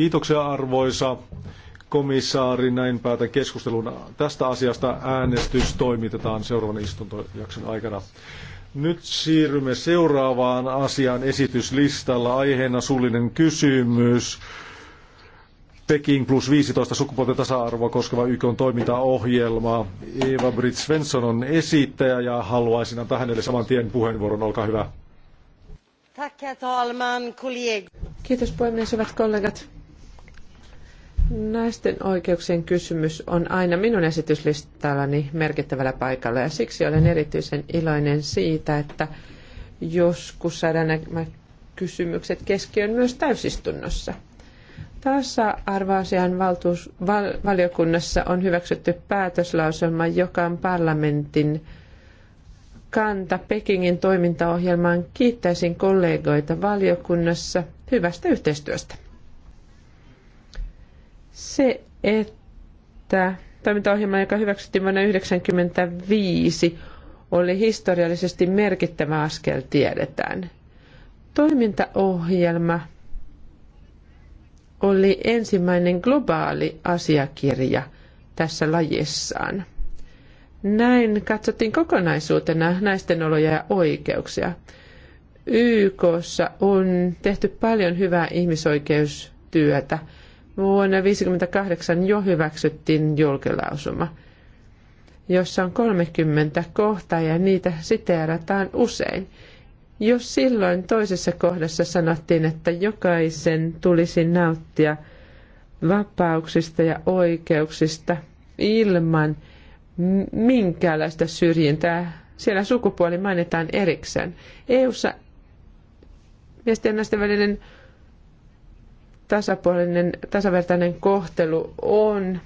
Kiitoksia arvoisa komissaari. Näin päätän keskustelun tästä asiasta. Äänestys toimitetaan seuraavan istuntojakson aikana. Nyt siirrymme seuraavaan asiaan esityslistalla. Aiheena suullinen kysymys. Peking plus 15 sukupuolten tasa-arvoa koskeva YK on toimintaohjelma. Eva Britt Svensson on esittäjä ja haluaisin antaa hänelle saman tien puheenvuoron. Olkaa hyvä. Tack, herr talman, Kiitos puhemies, hyvät kollegat. Naisten oikeuksien kysymys on aina minun esityslistallani merkittävällä paikalla ja siksi olen erityisen iloinen siitä, että joskus saadaan nämä kysymykset keskiön myös täysistunnossa. Tasa-arvoasian valtuus, val, valiokunnassa on hyväksytty päätöslauselma, joka on parlamentin kanta Pekingin toimintaohjelmaan. Kiittäisin kollegoita valiokunnassa hyvästä yhteistyöstä. Se, että toimintaohjelma, joka hyväksyttiin vuonna 1995, oli historiallisesti merkittävä askel, tiedetään. Toimintaohjelma oli ensimmäinen globaali asiakirja tässä lajissaan. Näin katsottiin kokonaisuutena naisten oloja ja oikeuksia. YKssa on tehty paljon hyvää ihmisoikeustyötä – Vuonna 1958 jo hyväksyttiin julkilausuma, jossa on 30 kohtaa ja niitä siteerataan usein. Jos silloin toisessa kohdassa sanottiin, että jokaisen tulisi nauttia vapauksista ja oikeuksista ilman minkäänlaista syrjintää, siellä sukupuoli mainitaan erikseen. EU-ssa miesten ja naisten välinen tasapuolinen, tasavertainen kohtelu on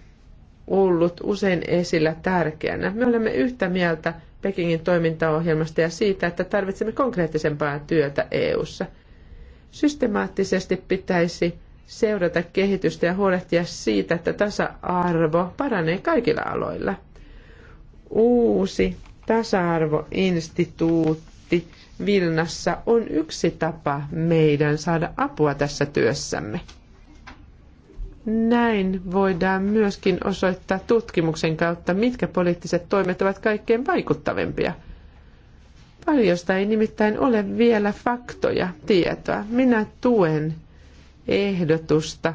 ollut usein esillä tärkeänä. Me olemme yhtä mieltä Pekingin toimintaohjelmasta ja siitä, että tarvitsemme konkreettisempaa työtä EU:ssa. Systemaattisesti pitäisi seurata kehitystä ja huolehtia siitä, että tasa-arvo paranee kaikilla aloilla. Uusi tasa-arvoinstituutti Vilnassa on yksi tapa meidän saada apua tässä työssämme. Näin voidaan myöskin osoittaa tutkimuksen kautta, mitkä poliittiset toimet ovat kaikkein vaikuttavimpia. Paljosta ei nimittäin ole vielä faktoja, tietoa. Minä tuen ehdotusta,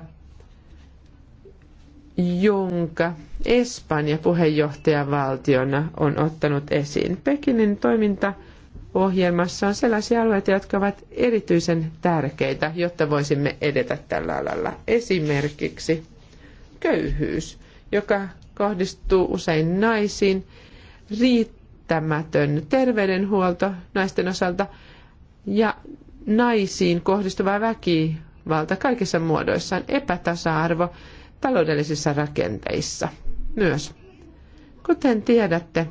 jonka Espanja puheenjohtajavaltiona on ottanut esiin. Pekinin toiminta ohjelmassa on sellaisia alueita, jotka ovat erityisen tärkeitä, jotta voisimme edetä tällä alalla. Esimerkiksi köyhyys, joka kohdistuu usein naisiin, riittämätön terveydenhuolto naisten osalta ja naisiin kohdistuva väkivalta kaikissa muodoissaan, epätasa-arvo taloudellisissa rakenteissa myös. Kuten tiedätte,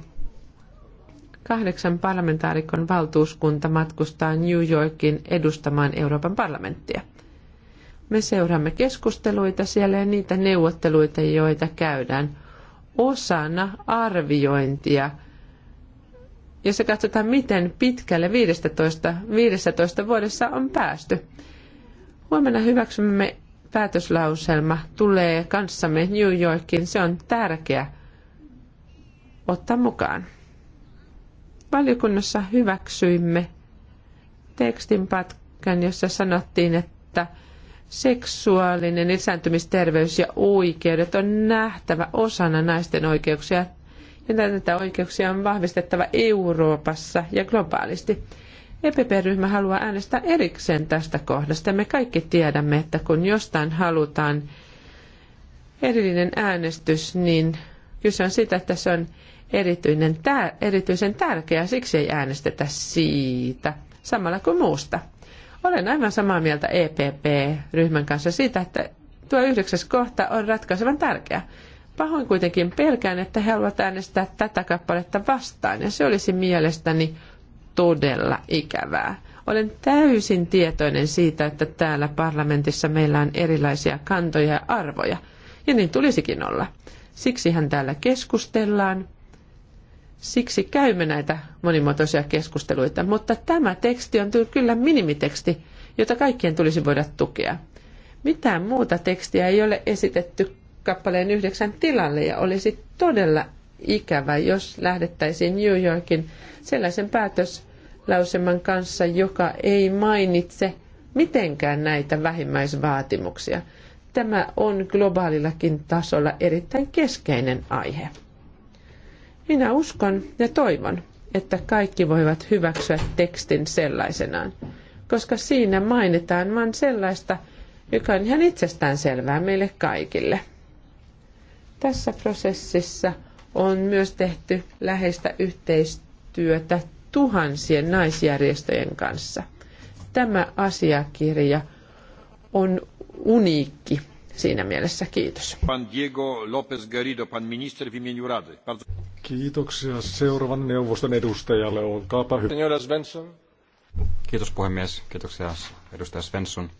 kahdeksan parlamentaarikon valtuuskunta matkustaa New Yorkin edustamaan Euroopan parlamenttia. Me seuraamme keskusteluita siellä ja niitä neuvotteluita, joita käydään osana arviointia. Ja se katsotaan, miten pitkälle 15, 15 vuodessa on päästy. Huomenna hyväksymme päätöslauselma tulee kanssamme New Yorkin. Se on tärkeä ottaa mukaan. Valiokunnassa hyväksyimme tekstinpätkän, jossa sanottiin, että seksuaalinen lisääntymisterveys ja oikeudet on nähtävä osana naisten oikeuksia ja näitä oikeuksia on vahvistettava Euroopassa ja globaalisti. EPP-ryhmä haluaa äänestää erikseen tästä kohdasta. Me kaikki tiedämme, että kun jostain halutaan erillinen äänestys, niin kyse on siitä, että se on erityinen, tär, erityisen tärkeä, siksi ei äänestetä siitä samalla kuin muusta. Olen aivan samaa mieltä EPP-ryhmän kanssa siitä, että tuo yhdeksäs kohta on ratkaisevan tärkeä. Pahoin kuitenkin pelkään, että he haluavat äänestää tätä kappaletta vastaan, ja se olisi mielestäni todella ikävää. Olen täysin tietoinen siitä, että täällä parlamentissa meillä on erilaisia kantoja ja arvoja, ja niin tulisikin olla. Siksihän täällä keskustellaan, Siksi käymme näitä monimuotoisia keskusteluita, mutta tämä teksti on kyllä minimiteksti, jota kaikkien tulisi voida tukea. Mitään muuta tekstiä ei ole esitetty kappaleen yhdeksän tilalle ja olisi todella ikävä, jos lähdettäisiin New Yorkin sellaisen päätöslauseman kanssa, joka ei mainitse mitenkään näitä vähimmäisvaatimuksia. Tämä on globaalillakin tasolla erittäin keskeinen aihe. Minä uskon ja toivon, että kaikki voivat hyväksyä tekstin sellaisenaan, koska siinä mainitaan vain sellaista, joka on ihan itsestään selvää meille kaikille. Tässä prosessissa on myös tehty läheistä yhteistyötä tuhansien naisjärjestöjen kanssa. Tämä asiakirja on uniikki siinä mielessä. Kiitos. Pan Diego López Garrido, pan minister w imieniu Rady. Bardzo... Kiitoksia seuraavan neuvoston edustajalle. Olkaapa hyvä. Senora Svensson. Kiitos puhemies. Kiitoksia edustaja Svensson.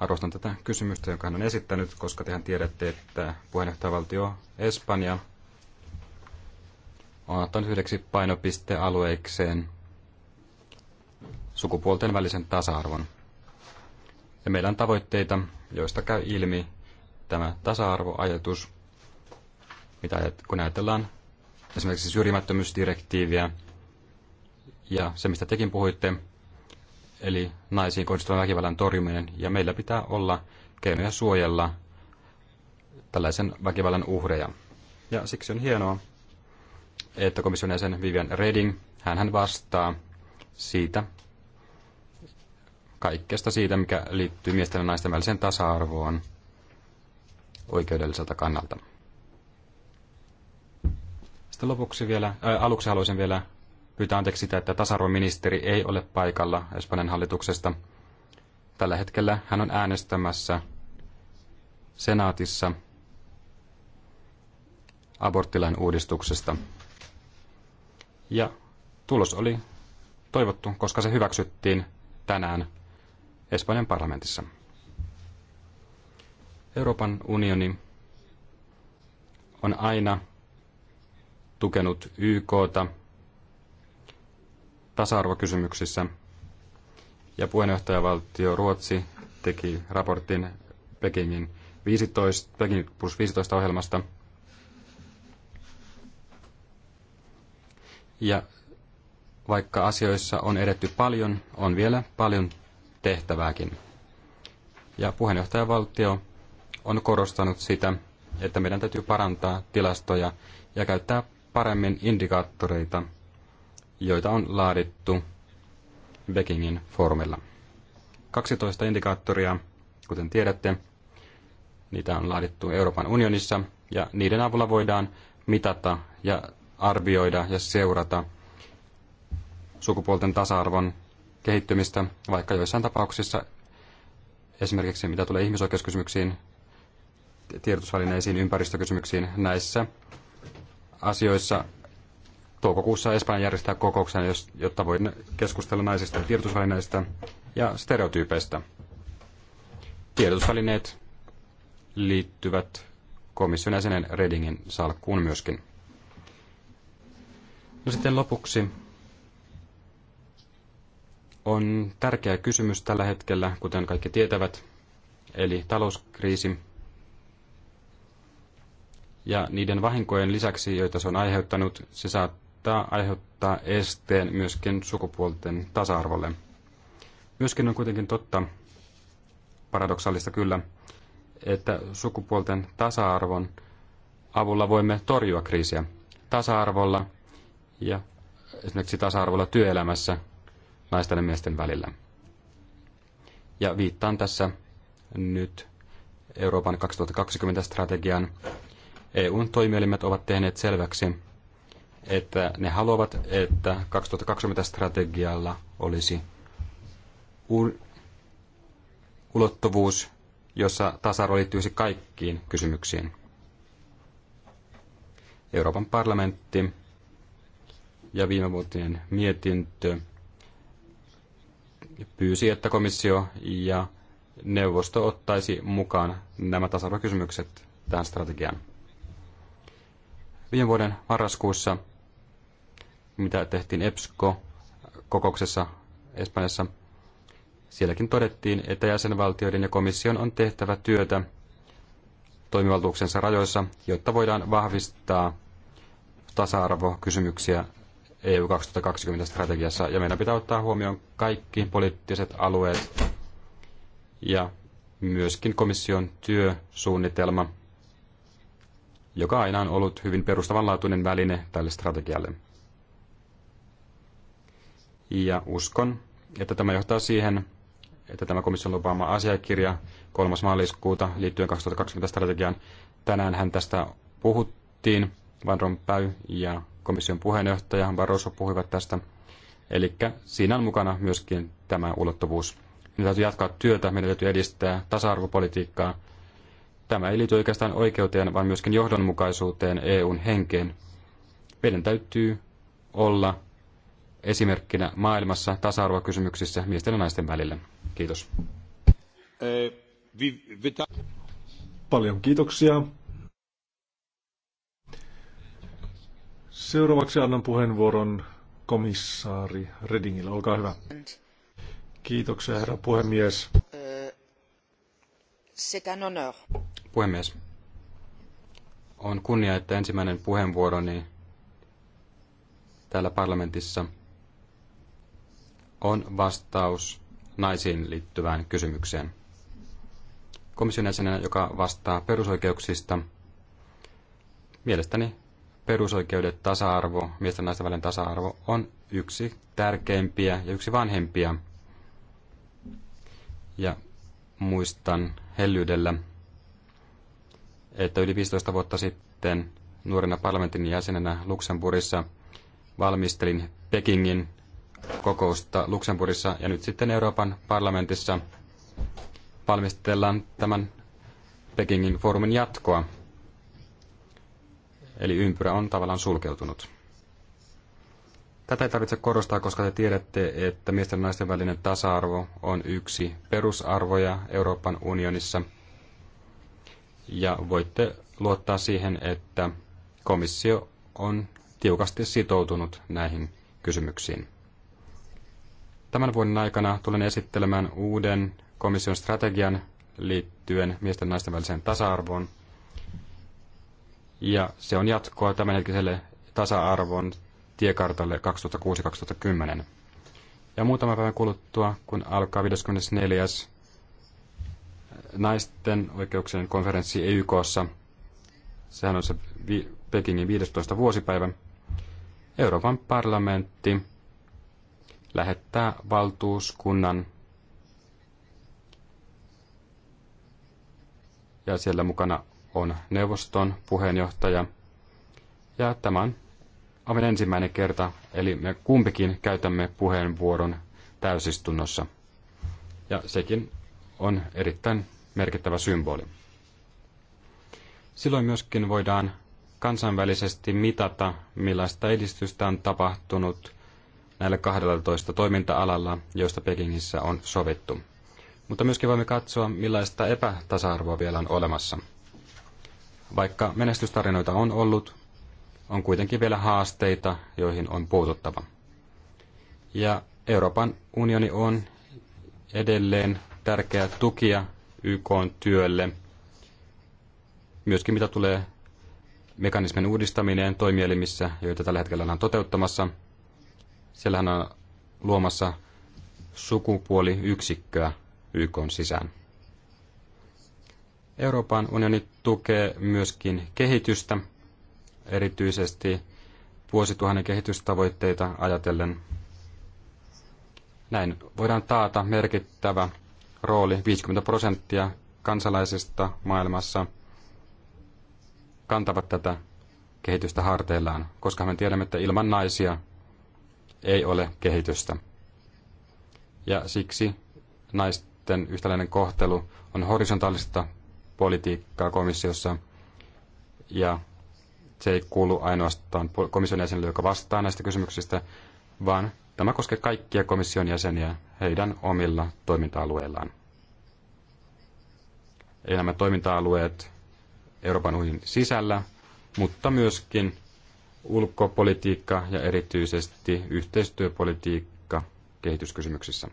Arvostan tätä kysymystä, jonka hän on esittänyt, koska tehän tiedätte, että puheenjohtajavaltio Espanja on ottanut yhdeksi painopistealueikseen sukupuolten välisen tasa-arvon. Ja meillä on tavoitteita, joista käy ilmi tämä tasa-arvoajatus, mitä kun ajatellaan esimerkiksi syrjimättömyysdirektiiviä ja se, mistä tekin puhuitte, eli naisiin kohdistuvan väkivallan torjuminen, ja meillä pitää olla keinoja suojella tällaisen väkivallan uhreja. Ja siksi on hienoa, että komission jäsen Vivian Reding, hän vastaa siitä, kaikkesta siitä, mikä liittyy miesten ja naisten väliseen tasa-arvoon oikeudelliselta kannalta. Sitten lopuksi vielä, ää, äh, aluksi haluaisin vielä pyytää anteeksi sitä, että tasa ministeri ei ole paikalla Espanjan hallituksesta. Tällä hetkellä hän on äänestämässä senaatissa aborttilain uudistuksesta. Ja tulos oli toivottu, koska se hyväksyttiin tänään Espanjan parlamentissa. Euroopan unioni on aina tukenut YKta tasa-arvokysymyksissä ja puheenjohtajavaltio Ruotsi teki raportin Pekingin 15, Peking plus 15 ohjelmasta. Ja vaikka asioissa on edetty paljon, on vielä paljon tehtävääkin. Ja puheenjohtajavaltio on korostanut sitä, että meidän täytyy parantaa tilastoja ja käyttää paremmin indikaattoreita, joita on laadittu Bekingin foorumilla. 12 indikaattoria, kuten tiedätte, niitä on laadittu Euroopan unionissa ja niiden avulla voidaan mitata ja arvioida ja seurata sukupuolten tasa-arvon kehittymistä, vaikka joissain tapauksissa esimerkiksi mitä tulee ihmisoikeuskysymyksiin, tiedotusvälineisiin, ympäristökysymyksiin näissä asioissa. Toukokuussa Espanja järjestää kokouksen, jotta voi keskustella naisista ja tiedotusvälineistä ja stereotyypeistä. Tiedotusvälineet liittyvät komission jäsenen Redingin salkkuun myöskin. No sitten lopuksi on tärkeä kysymys tällä hetkellä, kuten kaikki tietävät, eli talouskriisi ja niiden vahinkojen lisäksi, joita se on aiheuttanut, se saattaa aiheuttaa esteen myöskin sukupuolten tasa-arvolle. Myöskin on kuitenkin totta, paradoksaalista kyllä, että sukupuolten tasa-arvon avulla voimme torjua kriisiä. Tasa-arvolla ja esimerkiksi tasa-arvolla työelämässä naisten ja miesten välillä. Ja viittaan tässä nyt Euroopan 2020-strategian. EUn toimielimet ovat tehneet selväksi, että ne haluavat, että 2020-strategialla olisi ulottuvuus, jossa tasa-arvo liittyisi kaikkiin kysymyksiin. Euroopan parlamentti ja vuotinen mietintö pyysi, että komissio ja neuvosto ottaisi mukaan nämä tasa-arvokysymykset tähän strategiaan. Viime vuoden marraskuussa, mitä tehtiin EPSCO-kokouksessa Espanjassa, sielläkin todettiin, että jäsenvaltioiden ja komission on tehtävä työtä toimivaltuuksensa rajoissa, jotta voidaan vahvistaa tasa-arvokysymyksiä EU 2020 strategiassa ja meidän pitää ottaa huomioon kaikki poliittiset alueet ja myöskin komission työsuunnitelma, joka aina on ollut hyvin perustavanlaatuinen väline tälle strategialle. Ja uskon, että tämä johtaa siihen, että tämä komission lupaama asiakirja 3. maaliskuuta liittyen 2020 strategiaan, tänään hän tästä puhuttiin, Van Rompuy ja komission puheenjohtaja Barroso puhuivat tästä. Eli siinä on mukana myöskin tämä ulottuvuus. Meidän täytyy jatkaa työtä, meidän täytyy edistää tasa-arvopolitiikkaa. Tämä ei liity oikeastaan oikeuteen, vaan myöskin johdonmukaisuuteen EUn henkeen. Meidän täytyy olla esimerkkinä maailmassa tasa-arvokysymyksissä miesten ja naisten välillä. Kiitos. Eh, Paljon kiitoksia. Seuraavaksi annan puheenvuoron komissaari Redingille. Olkaa hyvä. Kiitoksia, herra puhemies. Puhemies, on kunnia, että ensimmäinen puheenvuoroni täällä parlamentissa on vastaus naisiin liittyvään kysymykseen. Komission jäsenenä, joka vastaa perusoikeuksista, mielestäni perusoikeudet, tasa-arvo, miesten ja naisten välinen tasa-arvo on yksi tärkeimpiä ja yksi vanhempia. Ja muistan hellyydellä, että yli 15 vuotta sitten nuorena parlamentin jäsenenä Luxemburgissa valmistelin Pekingin kokousta Luxemburgissa ja nyt sitten Euroopan parlamentissa valmistellaan tämän Pekingin foorumin jatkoa. Eli ympyrä on tavallaan sulkeutunut. Tätä ei tarvitse korostaa, koska te tiedätte, että miesten ja naisten välinen tasa-arvo on yksi perusarvoja Euroopan unionissa. Ja voitte luottaa siihen, että komissio on tiukasti sitoutunut näihin kysymyksiin. Tämän vuoden aikana tulen esittelemään uuden komission strategian liittyen miesten ja naisten väliseen tasa-arvoon – ja se on jatkoa tämänhetkiselle tasa-arvon tiekartalle 2006-2010. Ja muutama päivä kuluttua, kun alkaa 54. Eh, naisten oikeuksien konferenssi EYKssa, sehän on se Pekingin 15. vuosipäivä, Euroopan parlamentti lähettää valtuuskunnan ja siellä mukana on neuvoston puheenjohtaja. Ja tämä on aivan ensimmäinen kerta, eli me kumpikin käytämme puheenvuoron täysistunnossa. Ja sekin on erittäin merkittävä symboli. Silloin myöskin voidaan kansainvälisesti mitata, millaista edistystä on tapahtunut näillä 12 toiminta-alalla, joista Pekingissä on sovittu. Mutta myöskin voimme katsoa, millaista epätasa-arvoa vielä on olemassa. Vaikka menestystarinoita on ollut, on kuitenkin vielä haasteita, joihin on puututtava. Ja Euroopan unioni on edelleen tärkeä tukija YK työlle, myöskin mitä tulee mekanismin uudistaminen toimielimissä, joita tällä hetkellä ollaan toteuttamassa. Siellähän on luomassa sukupuoliyksikköä YK sisään. Euroopan unioni tukee myöskin kehitystä, erityisesti vuosituhannen kehitystavoitteita ajatellen. Näin voidaan taata merkittävä rooli 50 prosenttia kansalaisista maailmassa kantavat tätä kehitystä harteillaan, koska me tiedämme, että ilman naisia ei ole kehitystä. Ja siksi naisten yhtäläinen kohtelu on horisontaalista politiikkaa komissiossa ja se ei kuulu ainoastaan komission jäsenille, joka vastaa näistä kysymyksistä, vaan tämä koskee kaikkia komission jäseniä heidän omilla toiminta-alueillaan. Eli nämä toiminta-alueet Euroopan unionin sisällä, mutta myöskin ulkopolitiikka ja erityisesti yhteistyöpolitiikka kehityskysymyksissä.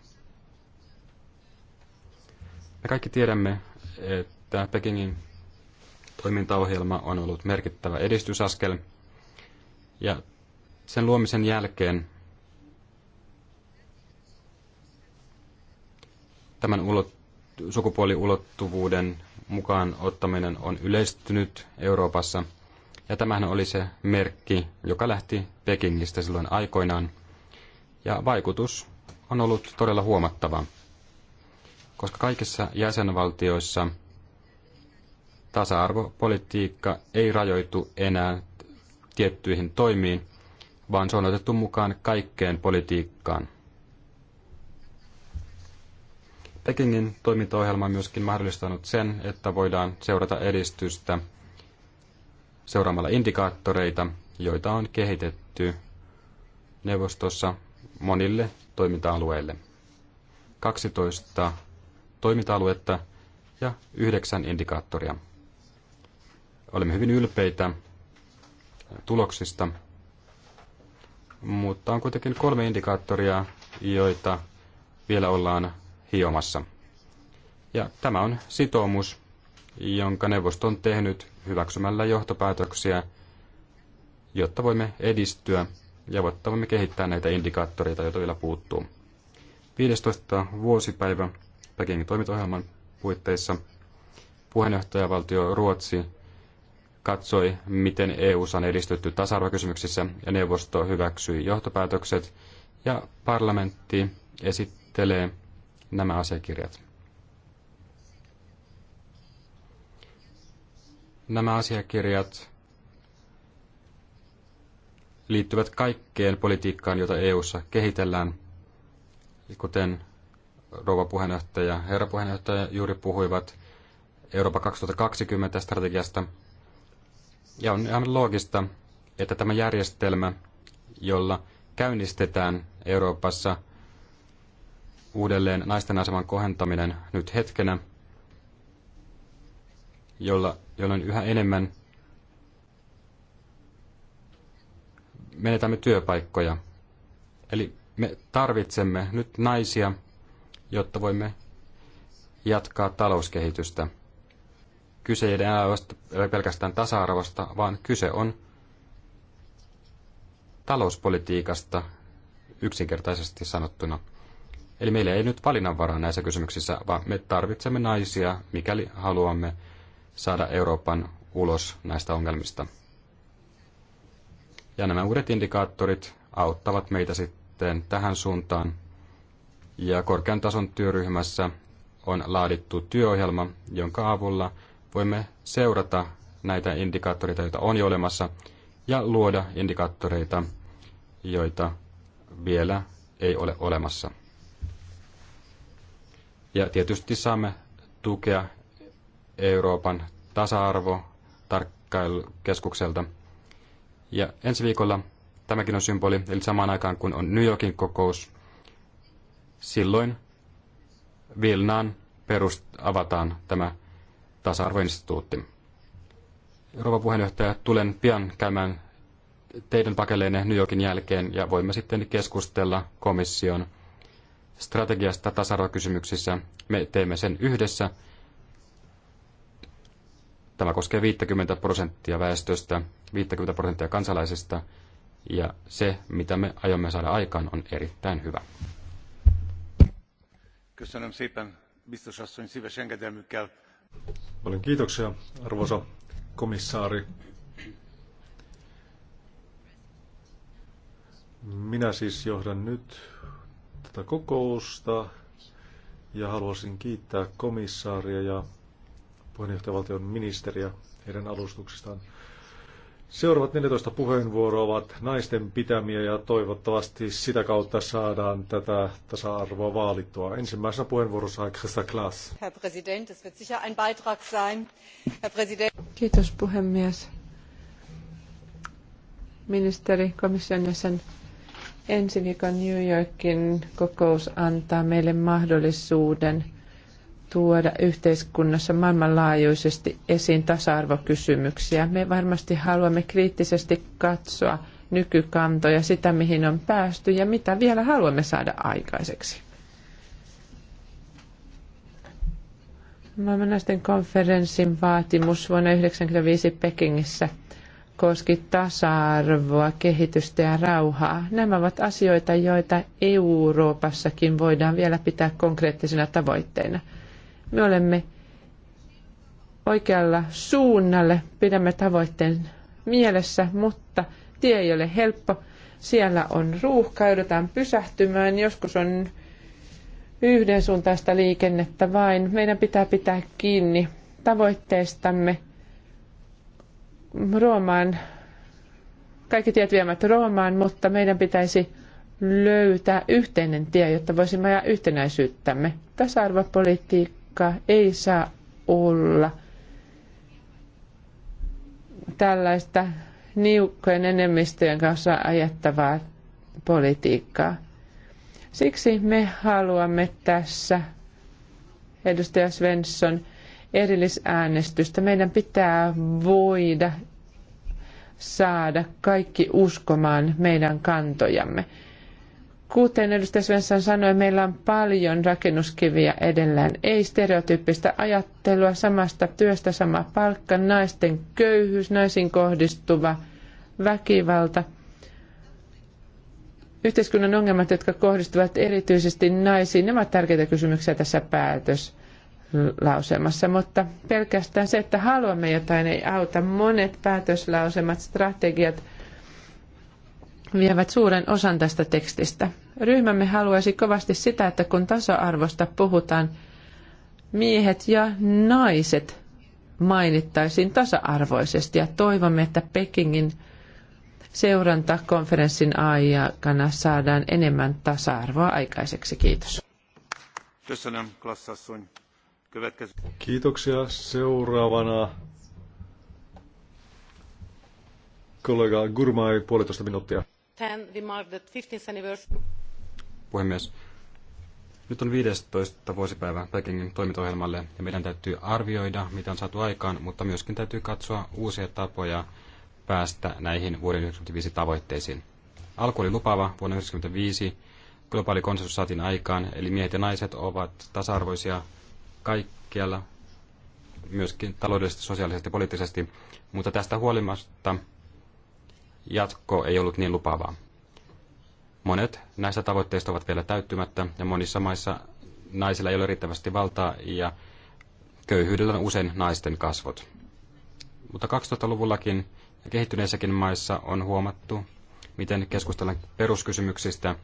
Me kaikki tiedämme, että Tämä Pekingin toimintaohjelma on ollut merkittävä edistysaskel. Ja sen luomisen jälkeen tämän ulot, sukupuoliulottuvuuden mukaan ottaminen on yleistynyt Euroopassa. Ja tämähän oli se merkki, joka lähti Pekingistä silloin aikoinaan. Ja vaikutus on ollut todella huomattava, koska kaikissa jäsenvaltioissa – tasa-arvopolitiikka ei rajoitu enää tiettyihin toimiin, vaan se on otettu mukaan kaikkeen politiikkaan. Pekingin toimintaohjelma on myöskin mahdollistanut sen, että voidaan seurata edistystä seuraamalla indikaattoreita, joita on kehitetty neuvostossa monille toiminta-alueille. 12 toiminta-aluetta ja yhdeksän indikaattoria. Olemme hyvin ylpeitä tuloksista, mutta on kuitenkin kolme indikaattoria, joita vielä ollaan hiomassa. Ja tämä on sitoumus, jonka neuvosto on tehnyt hyväksymällä johtopäätöksiä, jotta voimme edistyä ja jotta voimme kehittää näitä indikaattoreita, joita vielä puuttuu. 15. vuosipäivä Pekingin toimintaohjelman puitteissa puheenjohtajavaltio Ruotsi katsoi, miten EU on edistytty tasa-arvokysymyksissä ja neuvosto hyväksyi johtopäätökset ja parlamentti esittelee nämä asiakirjat. Nämä asiakirjat liittyvät kaikkeen politiikkaan, jota EU:ssa kehitellään, kuten rouva puheenjohtaja ja herra puheenjohtaja juuri puhuivat Eurooppa 2020 strategiasta – ja on ihan loogista, että tämä järjestelmä, jolla käynnistetään Euroopassa uudelleen naisten aseman kohentaminen nyt hetkenä, jolla, jolloin yhä enemmän menetämme työpaikkoja. Eli me tarvitsemme nyt naisia, jotta voimme jatkaa talouskehitystä. Kyse ei enää ole pelkästään tasa-arvosta, vaan kyse on talouspolitiikasta yksinkertaisesti sanottuna. Eli meillä ei nyt valinnanvaraa näissä kysymyksissä, vaan me tarvitsemme naisia, mikäli haluamme saada Euroopan ulos näistä ongelmista. Ja nämä uudet indikaattorit auttavat meitä sitten tähän suuntaan. Ja korkean tason työryhmässä on laadittu työohjelma, jonka avulla voimme seurata näitä indikaattoreita, joita on jo olemassa, ja luoda indikaattoreita, joita vielä ei ole olemassa. Ja tietysti saamme tukea Euroopan tasa-arvo tarkkailukeskukselta. Ja ensi viikolla tämäkin on symboli, eli samaan aikaan kun on New Yorkin kokous, silloin Vilnaan perust- avataan tämä tasa-arvoinstituutti. Euroopan puheenjohtaja, tulen pian käymään teidän pakeleenne New Yorkin jälkeen ja voimme sitten keskustella komission strategiasta tasa-arvokysymyksissä. Me teemme sen yhdessä. Tämä koskee 50 prosenttia väestöstä, 50 prosenttia kansalaisista ja se, mitä me aiomme saada aikaan, on erittäin hyvä. Köszönöm szépen, biztos asszony, szíves engedelmükkel Paljon kiitoksia, arvoisa komissaari. Minä siis johdan nyt tätä kokousta ja haluaisin kiittää komissaaria ja puheenjohtajavaltion ministeriä heidän alustuksistaan. Seuraavat 14 puheenvuoroa ovat naisten pitämiä ja toivottavasti sitä kautta saadaan tätä tasa-arvoa vaalittua. Ensimmäisenä puheenvuorossa on Christa Klaas. Herr Präsident, es wird sicher ein Beitrag sein. Herr Kiitos puhemies. Ministeri, komission jäsen, ensi viikon New Yorkin kokous antaa meille mahdollisuuden – tuoda yhteiskunnassa maailmanlaajuisesti esiin tasa-arvokysymyksiä. Me varmasti haluamme kriittisesti katsoa nykykantoja, sitä mihin on päästy ja mitä vielä haluamme saada aikaiseksi. Maailmannaisten konferenssin vaatimus vuonna 1995 Pekingissä koski tasa-arvoa, kehitystä ja rauhaa. Nämä ovat asioita, joita Euroopassakin voidaan vielä pitää konkreettisina tavoitteina – me olemme oikealla suunnalle, pidämme tavoitteen mielessä, mutta tie ei ole helppo. Siellä on ruuhka, joudutaan pysähtymään, joskus on yhdensuuntaista liikennettä vain. Meidän pitää pitää kiinni tavoitteestamme. Roomaan, kaikki tiet viemät Roomaan, mutta meidän pitäisi löytää yhteinen tie, jotta voisimme ajaa yhtenäisyyttämme. Tasa-arvopolitiikka joka ei saa olla tällaista niukkojen enemmistöjen kanssa ajettavaa politiikkaa. Siksi me haluamme tässä, edustaja Svensson, erillisäänestystä. Meidän pitää voida saada kaikki uskomaan meidän kantojamme. Kuten edustaja Svensson sanoi, meillä on paljon rakennuskiviä edellään. Ei stereotyyppistä ajattelua, samasta työstä sama palkka, naisten köyhyys, naisiin kohdistuva väkivalta. Yhteiskunnan ongelmat, jotka kohdistuvat erityisesti naisiin, ne ovat tärkeitä kysymyksiä tässä päätöslauselmassa mutta pelkästään se, että haluamme jotain, ei auta. Monet päätöslausemat, strategiat, vievät suuren osan tästä tekstistä. Ryhmämme haluaisi kovasti sitä, että kun tasa-arvosta puhutaan, miehet ja naiset mainittaisiin tasa-arvoisesti ja toivomme, että Pekingin seurantakonferenssin aikana saadaan enemmän tasa-arvoa aikaiseksi. Kiitos. Kiitoksia. Seuraavana kollega Gurmai, puolitoista minuuttia. Puhemies, nyt on 15. vuosipäivä Pekingin toimintaohjelmalle ja meidän täytyy arvioida, mitä on saatu aikaan, mutta myöskin täytyy katsoa uusia tapoja päästä näihin vuoden 1995 tavoitteisiin. Alku oli lupaava vuonna 1995, globaali konsensus saatiin aikaan, eli miehet ja naiset ovat tasa-arvoisia kaikkialla, myöskin taloudellisesti, sosiaalisesti ja poliittisesti, mutta tästä huolimatta jatko ei ollut niin lupaavaa. Monet näistä tavoitteista ovat vielä täyttymättä ja monissa maissa naisilla ei ole riittävästi valtaa ja köyhyydellä on usein naisten kasvot. Mutta 2000-luvullakin ja kehittyneissäkin maissa on huomattu, miten keskustellaan peruskysymyksistä,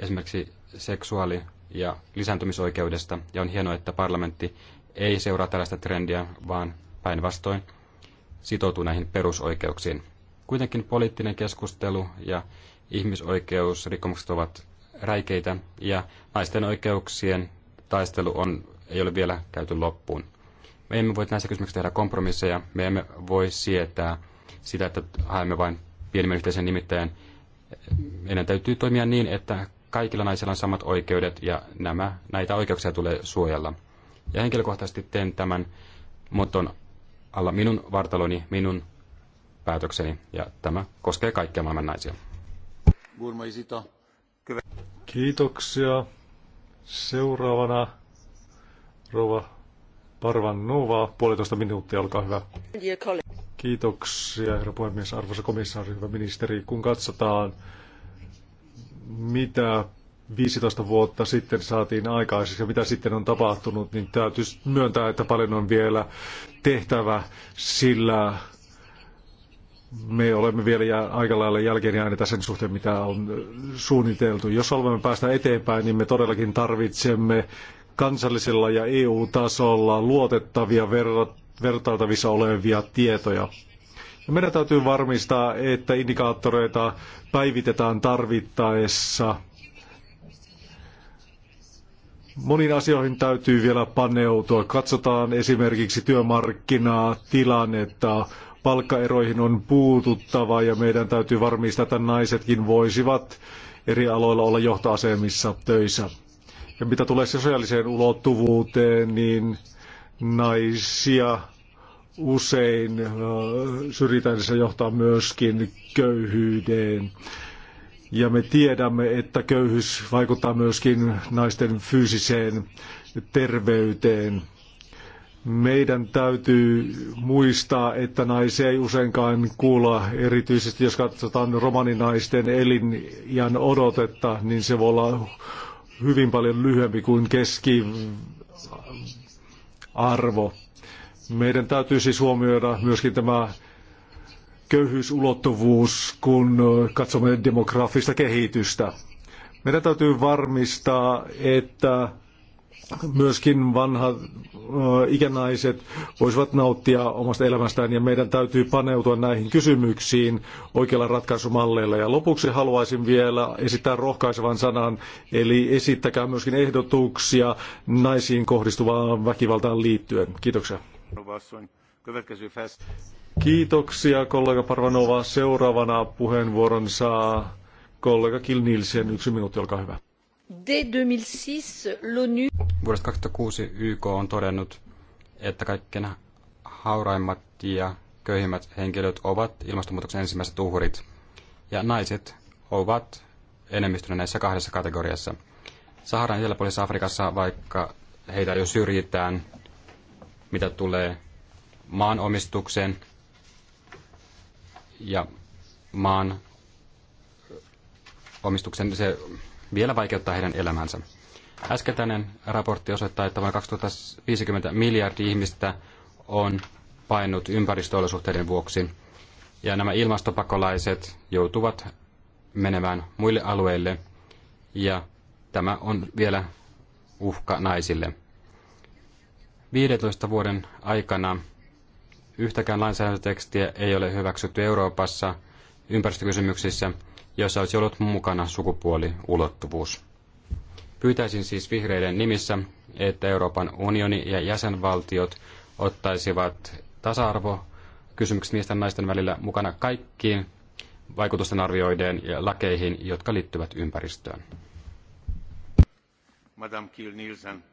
esimerkiksi seksuaali- ja lisääntymisoikeudesta, ja on hienoa, että parlamentti ei seuraa tällaista trendiä, vaan päinvastoin sitoutuu näihin perusoikeuksiin. Kuitenkin poliittinen keskustelu ja ihmisoikeusrikkomukset ovat räikeitä ja naisten oikeuksien taistelu on, ei ole vielä käyty loppuun. Me emme voi näissä kysymyksissä tehdä kompromisseja, me emme voi sietää sitä, että haemme vain pienimmän yhteisen nimittäjän. Meidän täytyy toimia niin, että kaikilla naisilla on samat oikeudet ja nämä, näitä oikeuksia tulee suojella. Ja henkilökohtaisesti teen tämän moton alla minun vartaloni, minun päätökseni, ja tämä koskee kaikkia maailman naisia. Kiitoksia. Seuraavana Rova Parvan Nova, puolitoista minuuttia, olkaa hyvä. Kiitoksia, herra puhemies, arvoisa komissaari, hyvä ministeri. Kun katsotaan, mitä 15 vuotta sitten saatiin aikaiseksi ja mitä sitten on tapahtunut, niin täytyy myöntää, että paljon on vielä tehtävä, sillä me olemme vielä aika lailla jälkeenjääneitä sen suhteen, mitä on suunniteltu. Jos haluamme päästä eteenpäin, niin me todellakin tarvitsemme kansallisella ja EU-tasolla luotettavia vertailtavissa olevia tietoja. Ja meidän täytyy varmistaa, että indikaattoreita päivitetään tarvittaessa. Moniin asioihin täytyy vielä paneutua. Katsotaan esimerkiksi työmarkkinatilannetta, tilannetta palkkaeroihin on puututtava ja meidän täytyy varmistaa, että naisetkin voisivat eri aloilla olla johtoasemissa töissä. Ja mitä tulee sosiaaliseen ulottuvuuteen, niin naisia usein äh, syrjitään, se johtaa myöskin köyhyyteen. Ja me tiedämme, että köyhyys vaikuttaa myöskin naisten fyysiseen terveyteen meidän täytyy muistaa, että naisia ei useinkaan kuulla, erityisesti jos katsotaan romaninaisten eliniän odotetta, niin se voi olla hyvin paljon lyhyempi kuin keskiarvo. Meidän täytyy siis huomioida myöskin tämä köyhyysulottuvuus, kun katsomme demografista kehitystä. Meidän täytyy varmistaa, että myöskin vanhat ikänaiset voisivat nauttia omasta elämästään ja meidän täytyy paneutua näihin kysymyksiin oikeilla ratkaisumalleilla. Ja lopuksi haluaisin vielä esittää rohkaisevan sanan, eli esittäkää myöskin ehdotuksia naisiin kohdistuvaan väkivaltaan liittyen. Kiitoksia. Kiitoksia kollega Parvanova. Seuraavana puheenvuoron saa kollega Kil Yksi minuutti, olkaa hyvä. Dès 2006 l'ONU... Vuodesta 2006 YK on todennut, että kaikkein hauraimmat ja köyhimmät henkilöt ovat ilmastonmuutoksen ensimmäiset uhrit. Ja naiset ovat enemmistönä näissä kahdessa kategoriassa. Saharan eteläpuolisessa Afrikassa, vaikka heitä jo syrjitään, mitä tulee maanomistukseen ja maan omistuksen se vielä vaikeuttaa heidän elämänsä. Äskettäinen raportti osoittaa, että vain 2050 miljardia ihmistä on painut ympäristöolosuhteiden vuoksi. Ja nämä ilmastopakolaiset joutuvat menemään muille alueille ja tämä on vielä uhka naisille. 15 vuoden aikana yhtäkään lainsäädäntötekstiä ei ole hyväksytty Euroopassa – ympäristökysymyksissä, joissa olisi ollut mukana sukupuoliulottuvuus. Pyytäisin siis vihreiden nimissä, että Euroopan unioni ja jäsenvaltiot ottaisivat tasa-arvo kysymykset miesten naisten välillä mukana kaikkiin vaikutusten arvioideen ja lakeihin, jotka liittyvät ympäristöön. Madame Kiel Nielsen,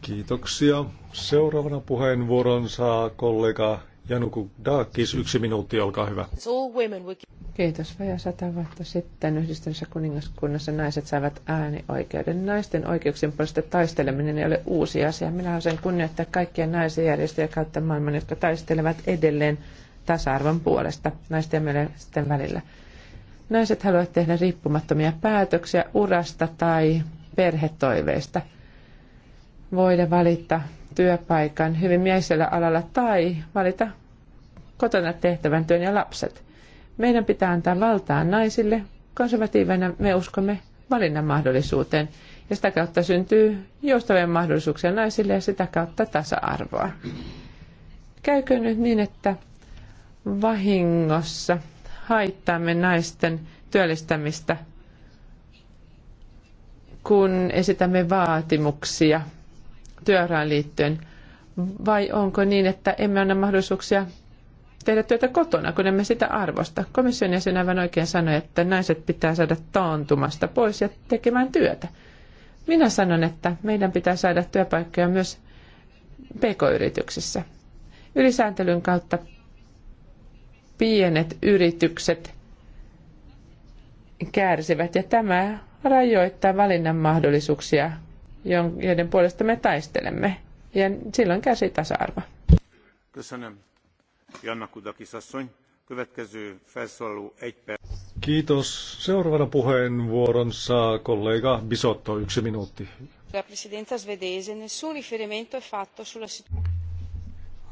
Kiitoksia. Seuraavana puheenvuoron saa kollega Januku Daakis, yksi minuutti, olkaa hyvä. Kiitos. Vajaa sata vuotta sitten yhdistyneessä kuningaskunnassa naiset saivat äänioikeuden. Naisten oikeuksien puolesta taisteleminen ei ole uusi asia. Minä haluaisin kunnioittaa kaikkia naisia järjestöjä kautta maailman, jotka taistelevat edelleen tasa-arvon puolesta naisten ja miesten välillä. Naiset haluavat tehdä riippumattomia päätöksiä urasta tai perhetoiveista. Voida valita työpaikan hyvin miesellä alalla tai valita kotona tehtävän työn ja lapset. Meidän pitää antaa valtaa naisille. Konservatiiveina me uskomme valinnan mahdollisuuteen ja sitä kautta syntyy joustavia mahdollisuuksia naisille ja sitä kautta tasa-arvoa. Käykö nyt niin, että vahingossa haittaamme naisten työllistämistä, kun esitämme vaatimuksia – työuraan liittyen? Vai onko niin, että emme anna mahdollisuuksia tehdä työtä kotona, kun emme sitä arvosta? Komission jäsen aivan oikein sanoi, että naiset pitää saada taantumasta pois ja tekemään työtä. Minä sanon, että meidän pitää saada työpaikkoja myös pk-yrityksissä. Ylisääntelyn kautta pienet yritykset kärsivät ja tämä rajoittaa valinnan mahdollisuuksia joiden puolesta me taistelemme. Ja silloin käsi tasa-arvo. Kiitos. Seuraavana puheenvuoron saa kollega Bisotto, yksi minuutti.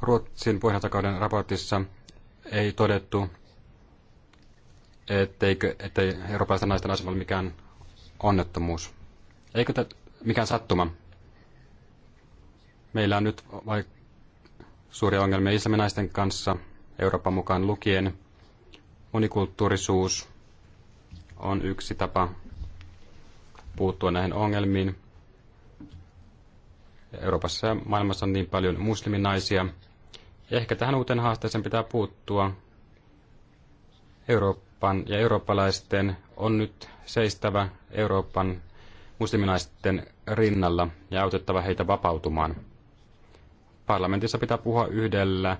Ruotsin puheenjohtajakauden raportissa ei todettu, etteikö, ettei eurooppalaisten naisten asema ole mikään onnettomuus. Eikö te mikään sattuma. Meillä on nyt vaik- suuria ongelmia islaminaisten kanssa, Euroopan mukaan lukien. Monikulttuurisuus on yksi tapa puuttua näihin ongelmiin. Euroopassa ja maailmassa on niin paljon musliminaisia. Ehkä tähän uuteen haasteeseen pitää puuttua. Euroopan ja eurooppalaisten on nyt seistävä Euroopan musliminaisten rinnalla ja autettava heitä vapautumaan. Parlamentissa pitää puhua yhdellä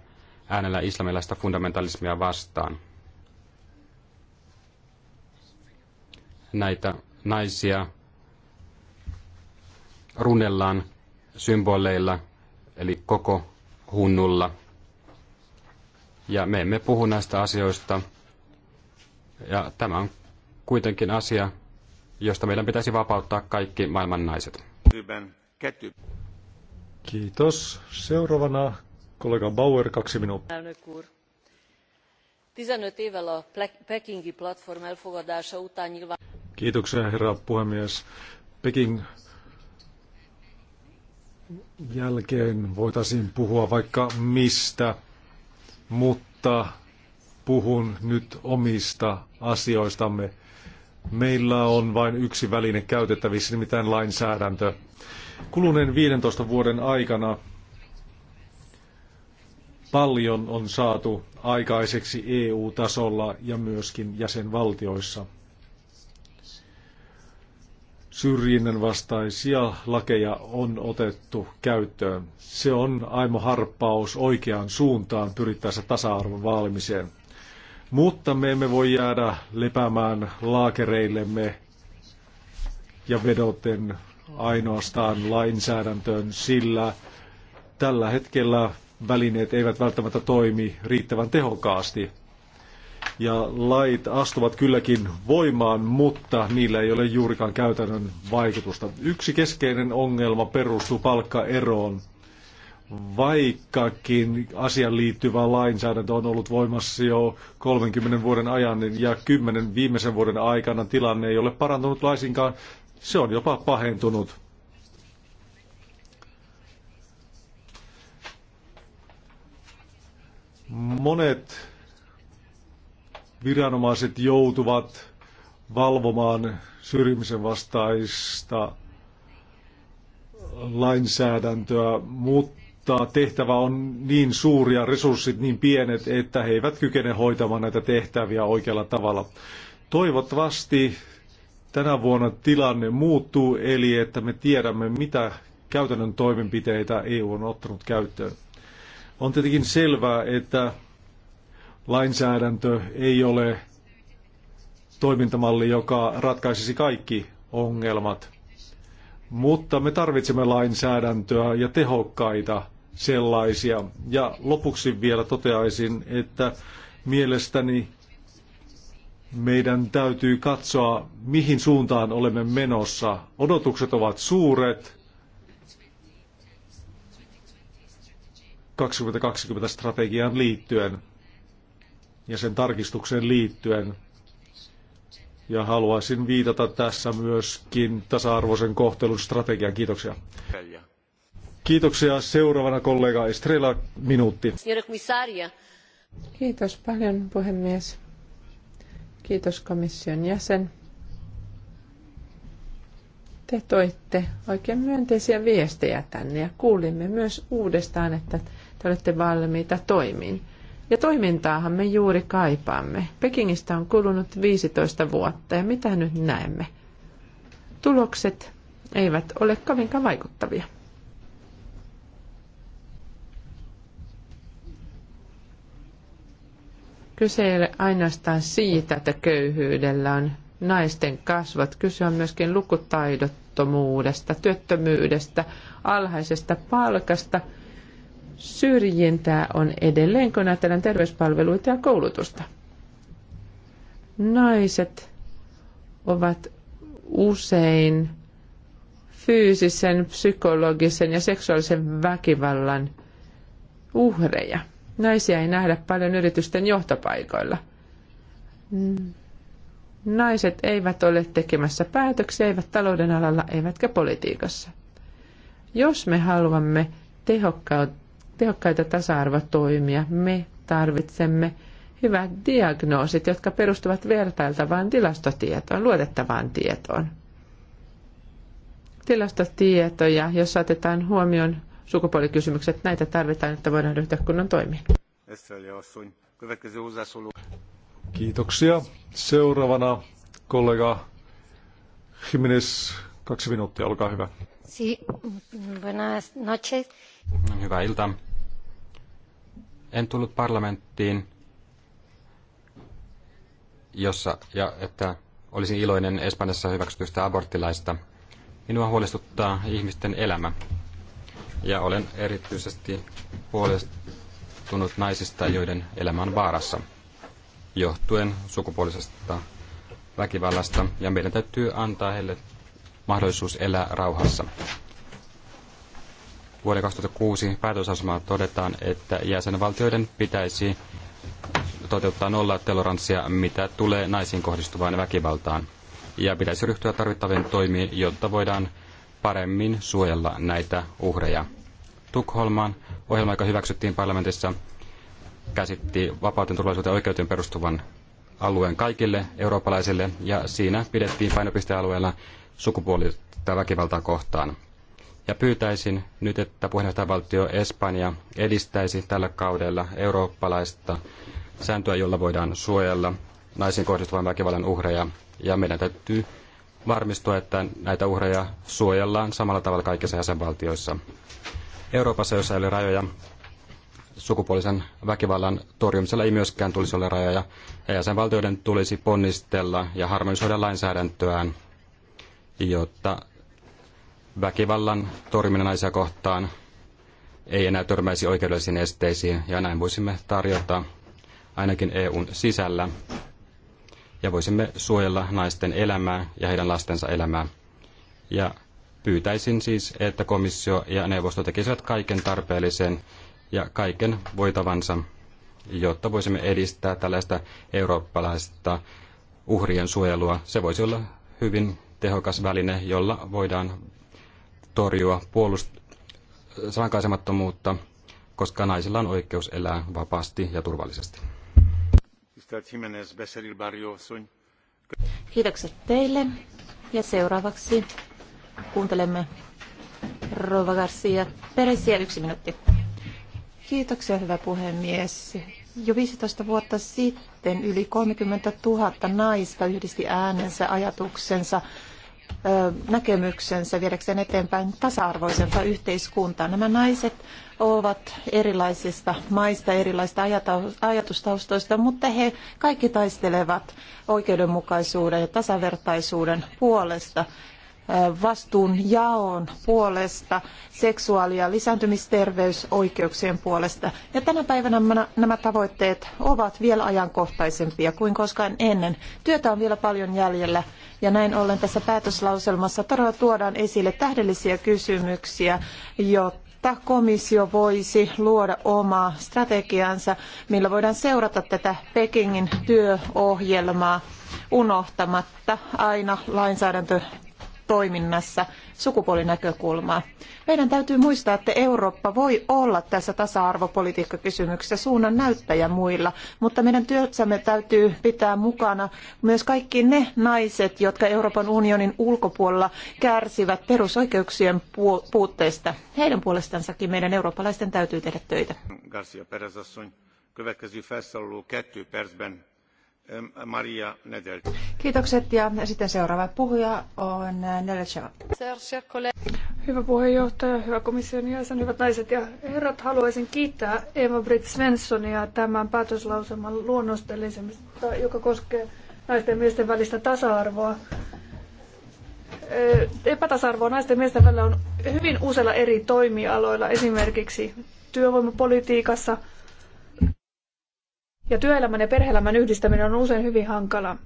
äänellä islamilaista fundamentalismia vastaan. Näitä naisia runnellaan symboleilla, eli koko hunnulla. Ja me emme puhu näistä asioista. Ja tämä on kuitenkin asia, josta meidän pitäisi vapauttaa kaikki maailman naiset. Kiitos. Seuraavana kollega Bauer, kaksi minuuttia. Pekingi Kiitoksia, herra puhemies. Peking jälkeen voitaisiin puhua vaikka mistä, mutta puhun nyt omista asioistamme meillä on vain yksi väline käytettävissä, nimittäin lainsäädäntö. Kuluneen 15 vuoden aikana paljon on saatu aikaiseksi EU-tasolla ja myöskin jäsenvaltioissa. Syrjinnän vastaisia lakeja on otettu käyttöön. Se on aimo harppaus oikeaan suuntaan pyrittäessä tasa-arvon vaalimiseen. Mutta me emme voi jäädä lepäämään laakereillemme ja vedoten ainoastaan lainsäädäntöön, sillä tällä hetkellä välineet eivät välttämättä toimi riittävän tehokkaasti. Ja lait astuvat kylläkin voimaan, mutta niillä ei ole juurikaan käytännön vaikutusta. Yksi keskeinen ongelma perustuu palkkaeroon vaikkakin asian liittyvä lainsäädäntö on ollut voimassa jo 30 vuoden ajan niin- ja 10 viimeisen vuoden aikana tilanne ei ole parantunut laisinkaan, se on jopa pahentunut. Monet viranomaiset joutuvat valvomaan syrjimisen vastaista lainsäädäntöä, mutta mutta tehtävä on niin suuri ja resurssit niin pienet, että he eivät kykene hoitamaan näitä tehtäviä oikealla tavalla. Toivottavasti tänä vuonna tilanne muuttuu, eli että me tiedämme, mitä käytännön toimenpiteitä EU on ottanut käyttöön. On tietenkin selvää, että lainsäädäntö ei ole toimintamalli, joka ratkaisisi kaikki ongelmat. Mutta me tarvitsemme lainsäädäntöä ja tehokkaita sellaisia. Ja lopuksi vielä toteaisin, että mielestäni meidän täytyy katsoa, mihin suuntaan olemme menossa. Odotukset ovat suuret. 2020 strategiaan liittyen ja sen tarkistukseen liittyen. Ja haluaisin viitata tässä myöskin tasa-arvoisen kohtelun strategiaan. Kiitoksia. Kaija. Kiitoksia. Seuraavana kollega Estrella, minuutti. Kiitos paljon puhemies. Kiitos komission jäsen. Te toitte oikein myönteisiä viestejä tänne ja kuulimme myös uudestaan, että te olette valmiita toimiin. Ja toimintaahan me juuri kaipaamme. Pekingistä on kulunut 15 vuotta ja mitä nyt näemme? Tulokset eivät ole kovinkaan vaikuttavia. Kyse ei ole ainoastaan siitä, että köyhyydellä on naisten kasvat. Kyse on myöskin lukutaidottomuudesta, työttömyydestä, alhaisesta palkasta. Syrjintää on edelleen, kun ajatellaan terveyspalveluita ja koulutusta. Naiset ovat usein fyysisen, psykologisen ja seksuaalisen väkivallan uhreja – Naisia ei nähdä paljon yritysten johtopaikoilla. Naiset eivät ole tekemässä päätöksiä, eivät talouden alalla, eivätkä politiikassa. Jos me haluamme tehokkaita tasa-arvotoimia, me tarvitsemme hyvät diagnoosit, jotka perustuvat vertailtavaan tilastotietoon, luotettavaan tietoon. Tilastotietoja, jos otetaan huomioon sukupuolikysymykset. Näitä tarvitaan, että voidaan ryhtyä kunnon toimiin. Kiitoksia. Seuraavana kollega Jimenez, kaksi minuuttia, olkaa hyvä. Sí, buenas noches. Hyvää iltaa. En tullut parlamenttiin, jossa, ja että olisin iloinen Espanjassa hyväksytystä aborttilaista. Minua huolestuttaa ihmisten elämä ja olen erityisesti huolestunut naisista, joiden elämä on vaarassa johtuen sukupuolisesta väkivallasta ja meidän täytyy antaa heille mahdollisuus elää rauhassa. Vuoden 2006 päätösasemaa todetaan, että jäsenvaltioiden pitäisi toteuttaa nolla toleranssia, mitä tulee naisiin kohdistuvaan väkivaltaan. Ja pitäisi ryhtyä tarvittaviin toimiin, jotta voidaan paremmin suojella näitä uhreja. Tukholman ohjelma, joka hyväksyttiin parlamentissa, käsitti vapauteen, turvallisuuteen ja oikeuteen perustuvan alueen kaikille eurooppalaisille, ja siinä pidettiin painopistealueella sukupuolista väkivaltaa kohtaan. Ja pyytäisin nyt, että puheenjohtajavaltio Espanja edistäisi tällä kaudella eurooppalaista sääntöä, jolla voidaan suojella naisiin kohdistuvan väkivallan uhreja, ja meidän täytyy varmistua, että näitä uhreja suojellaan samalla tavalla kaikissa jäsenvaltioissa. Euroopassa, jossa ei ole rajoja, sukupuolisen väkivallan torjumisella ei myöskään tulisi olla rajoja, ja jäsenvaltioiden tulisi ponnistella ja harmonisoida lainsäädäntöään, jotta väkivallan torjuminen naisia kohtaan ei enää törmäisi oikeudellisiin esteisiin, ja näin voisimme tarjota ainakin EUn sisällä ja voisimme suojella naisten elämää ja heidän lastensa elämää. Ja pyytäisin siis, että komissio ja neuvosto tekisivät kaiken tarpeellisen ja kaiken voitavansa, jotta voisimme edistää tällaista eurooppalaista uhrien suojelua. Se voisi olla hyvin tehokas väline, jolla voidaan torjua puolust- rankaisemattomuutta, koska naisilla on oikeus elää vapaasti ja turvallisesti. Tisztelt Kiitokset teille. Ja seuraavaksi kuuntelemme Rova Garcia Peresiä yksi minuutti. Kiitoksia, hyvä puhemies. Jo 15 vuotta sitten yli 30 000 naista yhdisti äänensä ajatuksensa näkemyksensä viedäkseen eteenpäin tasa-arvoisempaa yhteiskuntaa. Nämä naiset ovat erilaisista maista, erilaisista ajatustaustoista, mutta he kaikki taistelevat oikeudenmukaisuuden ja tasavertaisuuden puolesta vastuun jaon puolesta, seksuaali- ja lisääntymisterveysoikeuksien puolesta. Ja tänä päivänä nämä tavoitteet ovat vielä ajankohtaisempia kuin koskaan ennen. Työtä on vielä paljon jäljellä ja näin ollen tässä päätöslauselmassa todella tuodaan esille tähdellisiä kysymyksiä, jotta komissio voisi luoda omaa strategiansa, millä voidaan seurata tätä Pekingin työohjelmaa unohtamatta aina lainsäädäntö toiminnassa sukupuolinäkökulmaa. Meidän täytyy muistaa, että Eurooppa voi olla tässä tasa-arvopolitiikkakysymyksessä suunnan näyttäjä muilla, mutta meidän työssämme täytyy pitää mukana myös kaikki ne naiset, jotka Euroopan unionin ulkopuolella kärsivät perusoikeuksien puutteesta. Heidän puolestansakin meidän eurooppalaisten täytyy tehdä töitä. Garcia következő felszólaló kettő percben Maria Nedel. Kiitokset ja sitten seuraava puhuja on äh, Nedelcheva. Hyvä puheenjohtaja, hyvä komission jäsen, hyvät naiset ja herrat. Haluaisin kiittää Eva Britt Svenssonia tämän päätöslauselman luonnostelisemista, joka koskee naisten ja miesten välistä tasa-arvoa. Epätasa-arvoa naisten ja miesten välillä on hyvin useilla eri toimialoilla, esimerkiksi työvoimapolitiikassa, ja työelämän ja perheelämän yhdistäminen on usein hyvin hankalaa.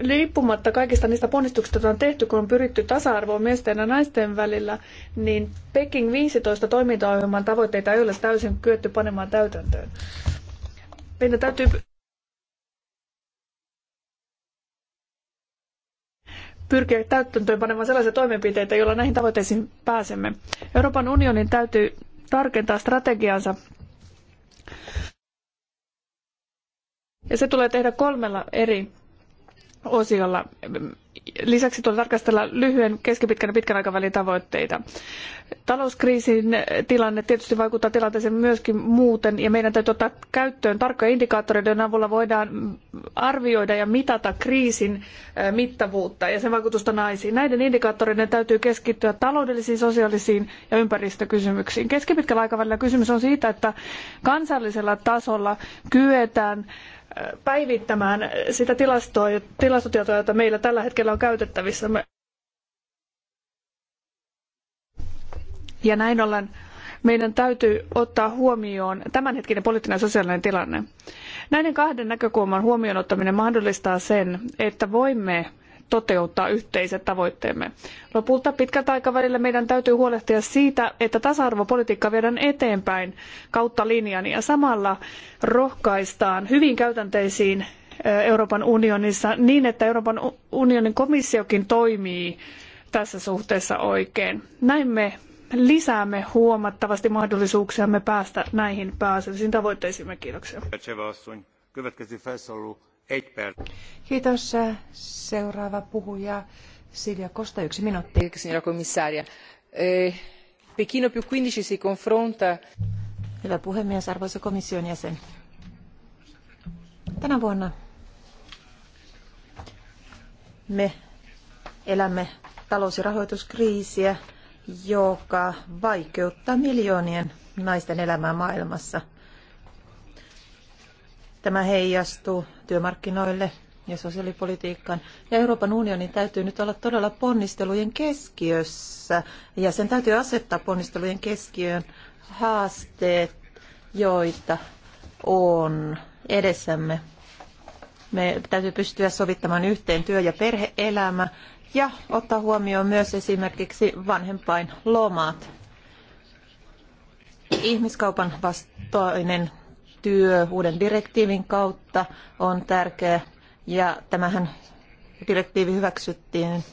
Riippumatta kaikista niistä ponnistuksista, joita on tehty, kun on pyritty tasa-arvoon miesten ja naisten välillä, niin Peking 15 toimintaohjelman tavoitteita ei ole täysin kyetty panemaan täytäntöön. Meidän täytyy pyrkiä täytäntöön panemaan sellaisia toimenpiteitä, joilla näihin tavoitteisiin pääsemme. Euroopan unionin täytyy tarkentaa strategiansa ja se tulee tehdä kolmella eri osiolla. Lisäksi tulee tarkastella lyhyen, keskipitkän ja pitkän aikavälin tavoitteita. Talouskriisin tilanne tietysti vaikuttaa tilanteeseen myöskin muuten, ja meidän täytyy ottaa käyttöön tarkkoja indikaattoreita, joiden avulla voidaan arvioida ja mitata kriisin mittavuutta ja sen vaikutusta naisiin. Näiden indikaattoreiden täytyy keskittyä taloudellisiin, sosiaalisiin ja ympäristökysymyksiin. Keskipitkällä aikavälillä kysymys on siitä, että kansallisella tasolla kyetään päivittämään sitä tilastoa, tilastotietoa, jota meillä tällä hetkellä on käytettävissä. Ja näin ollen meidän täytyy ottaa huomioon tämänhetkinen poliittinen ja sosiaalinen tilanne. Näiden kahden näkökulman huomioon ottaminen mahdollistaa sen, että voimme toteuttaa yhteiset tavoitteemme. Lopulta pitkältä aikavälillä meidän täytyy huolehtia siitä, että tasa-arvopolitiikka viedään eteenpäin kautta linjan ja samalla rohkaistaan hyvin käytänteisiin eh, Euroopan unionissa niin, että Euroopan unionin komissiokin toimii tässä suhteessa oikein. Näin me lisäämme huomattavasti mahdollisuuksiamme päästä näihin pääasiallisiin tavoitteisiimme. Kiitoksia. Kiitos. Seuraava puhuja Silja Kosta, yksi minuutti. Signora commissaria, eh, Pekino più 15 si confronta... Hyvä puhemies, arvoisa komission jäsen. Tänä vuonna me elämme talous- ja rahoituskriisiä, joka vaikeuttaa miljoonien naisten elämää maailmassa – Tämä heijastuu työmarkkinoille ja sosiaalipolitiikkaan. Ja Euroopan unionin täytyy nyt olla todella ponnistelujen keskiössä ja sen täytyy asettaa ponnistelujen keskiöön haasteet, joita on edessämme. Me täytyy pystyä sovittamaan yhteen työ- ja perheelämä ja ottaa huomioon myös esimerkiksi vanhempain lomat. Ihmiskaupan vastainen työ uuden direktiivin kautta on tärkeä ja tämähän direktiivi hyväksyttiin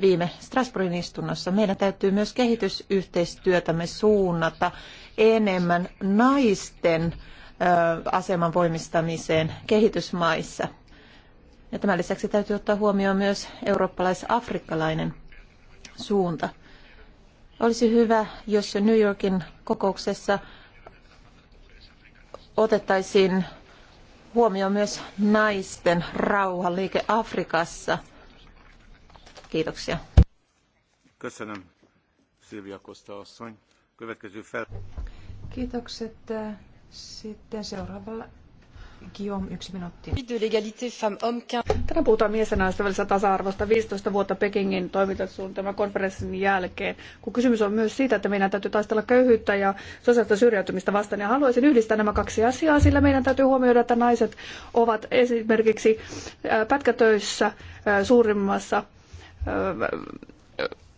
viime Strasbourgin istunnossa. Meidän täytyy myös kehitysyhteistyötämme suunnata enemmän naisten aseman voimistamiseen kehitysmaissa. Ja tämän lisäksi täytyy ottaa huomioon myös eurooppalais-afrikkalainen suunta. Olisi hyvä, jos New Yorkin kokouksessa otettaisiin huomioon myös naisten rauhanliike Afrikassa. Kiitoksia. Köszönöm, Silvia Kosta Kiitokset. Sitten seuraavalla Tänään puhutaan miesten ja naisten välisestä tasa-arvosta 15 vuotta Pekingin toimintasuunnitelman konferenssin jälkeen, kun kysymys on myös siitä, että meidän täytyy taistella köyhyyttä ja sosiaalista syrjäytymistä vastaan. Ja niin haluaisin yhdistää nämä kaksi asiaa, sillä meidän täytyy huomioida, että naiset ovat esimerkiksi pätkätöissä suurimmassa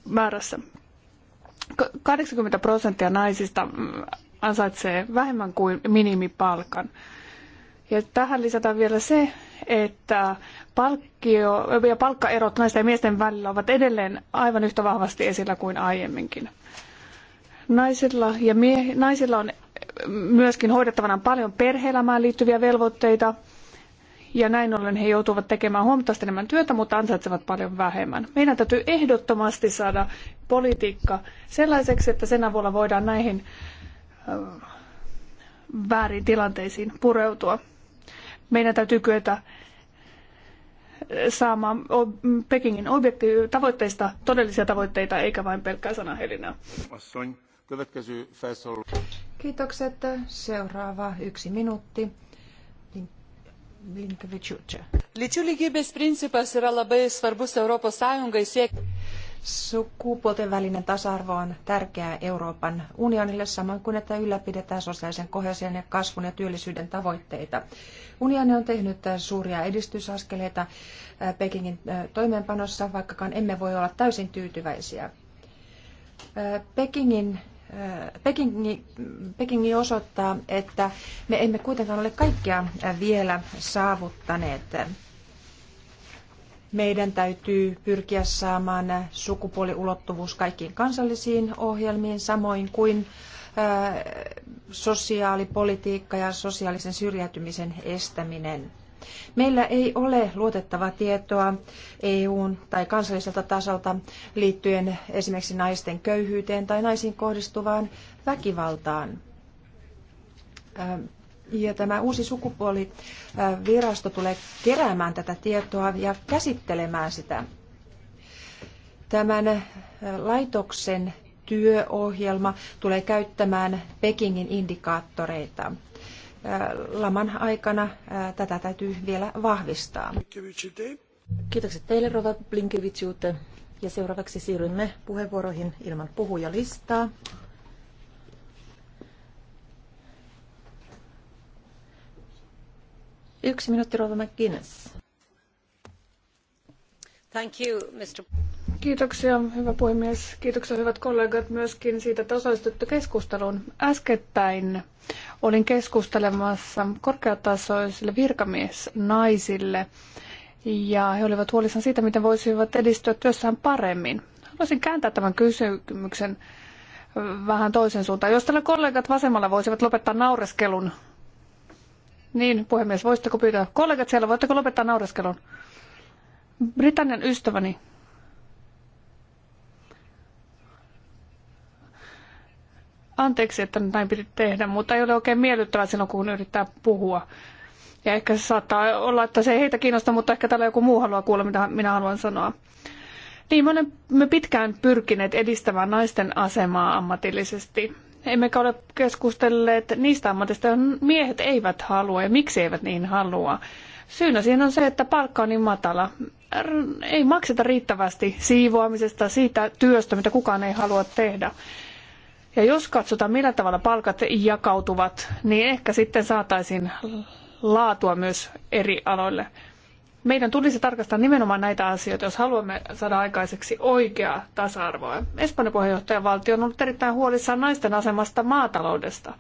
määrässä. 80 prosenttia naisista ansaitsee vähemmän kuin minimipalkan. Ja tähän lisätään vielä se, että palkkio, ja palkkaerot naisten ja miesten välillä ovat edelleen aivan yhtä vahvasti esillä kuin aiemminkin. Naisilla, ja mie, naisilla on myöskin hoidettavana paljon perhe-elämään liittyviä velvoitteita, ja näin ollen he joutuvat tekemään huomattavasti enemmän työtä, mutta ansaitsevat paljon vähemmän. Meidän täytyy ehdottomasti saada politiikka sellaiseksi, että sen avulla voidaan näihin väärin tilanteisiin pureutua. Meidän täytyy kyetä eh, saamaan Pekingin objekti- tavoitteista todellisia tavoitteita, eikä vain pelkkää sanahelinää. Kiitokset. Seuraava yksi minuutti. Lyčių lygybės principas yra labai svarbus Europos Sąjungai siekti. Sukupuolten välinen tasa-arvo on tärkeää Euroopan unionille, samoin kuin että ylläpidetään sosiaalisen kohesion ja kasvun ja työllisyyden tavoitteita. Unioni on tehnyt äh, suuria edistysaskeleita äh, Pekingin äh, toimeenpanossa, vaikkakaan emme voi olla täysin tyytyväisiä. Pekingin Pekingi, Pekingi osoittaa, että me emme kuitenkaan ole kaikkea vielä saavuttaneet. Meidän täytyy pyrkiä saamaan sukupuoliulottuvuus kaikkiin kansallisiin ohjelmiin, samoin kuin sosiaalipolitiikka ja sosiaalisen syrjäytymisen estäminen. Meillä ei ole luotettavaa tietoa EUn tai kansalliselta tasolta liittyen esimerkiksi naisten köyhyyteen tai naisiin kohdistuvaan väkivaltaan. Ja tämä uusi sukupuolivirasto tulee keräämään tätä tietoa ja käsittelemään sitä. Tämän äh, laitoksen työohjelma tulee käyttämään Pekingin indikaattoreita. Äh, laman aikana äh, tätä täytyy vielä vahvistaa. Kiitokset teille, Rova Blinkevitsiute. Ja seuraavaksi siirrymme puheenvuoroihin ilman puhujalistaa. Yksi minuutti, Rova McGuinness. Thank you, Mr. Kiitoksia, hyvä puhemies. Kiitoksia, hyvät kollegat, myöskin siitä, että osallistutte keskusteluun. Äskettäin olin keskustelemassa korkeatasoisille virkamiesnaisille, ja he olivat huolissaan siitä, miten voisivat edistyä työssään paremmin. Haluaisin kääntää tämän kysymyksen vähän toisen suuntaan. Jos tällä kollegat vasemmalla voisivat lopettaa naureskelun niin, puhemies, voisitteko pyytää kollegat siellä, voitteko lopettaa naureskelun? Britannian ystäväni. Anteeksi, että näin piti tehdä, mutta ei ole oikein miellyttävää silloin, kun yrittää puhua. Ja ehkä se saattaa olla, että se ei heitä kiinnosta, mutta ehkä täällä joku muu haluaa kuulla, mitä minä haluan sanoa. Niin, me olemme pitkään pyrkineet edistämään naisten asemaa ammatillisesti Emmekä ole keskustelleet niistä ammatista, joihin miehet eivät halua ja miksi eivät niin halua. Syynä siinä on se, että palkka on niin matala. Ei makseta riittävästi siivoamisesta, siitä työstä, mitä kukaan ei halua tehdä. Ja jos katsotaan, millä tavalla palkat jakautuvat, niin ehkä sitten saataisiin laatua myös eri aloille. Meidän tulisi tarkastaa nimenomaan näitä asioita, jos haluamme saada aikaiseksi oikeaa tasa-arvoa. Espanjan puheenjohtajavaltio on ollut erittäin huolissaan naisten asemasta maataloudesta.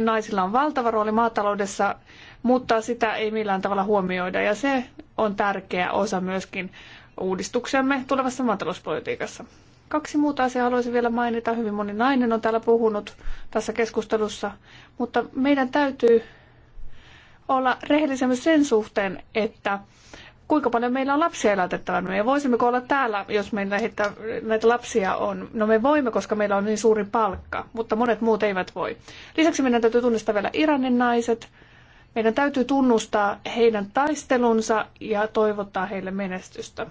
Naisilla on valtava rooli maataloudessa, mutta sitä ei millään tavalla huomioida ja se on tärkeä osa myöskin uudistuksemme tulevassa maatalouspolitiikassa. Kaksi muuta asiaa haluaisin vielä mainita. Hyvin moni nainen on täällä puhunut tässä keskustelussa, mutta meidän täytyy olla rehellisemmin sen suhteen, että kuinka paljon meillä on lapsia elätettävänä ja voisimmeko olla täällä, jos meillä heitä, näitä lapsia on. No me voimme, koska meillä on niin suuri palkka, mutta monet muut eivät voi. Lisäksi meidän täytyy tunnistaa vielä Iranin naiset. Meidän täytyy tunnustaa heidän taistelunsa ja toivottaa heille menestystä.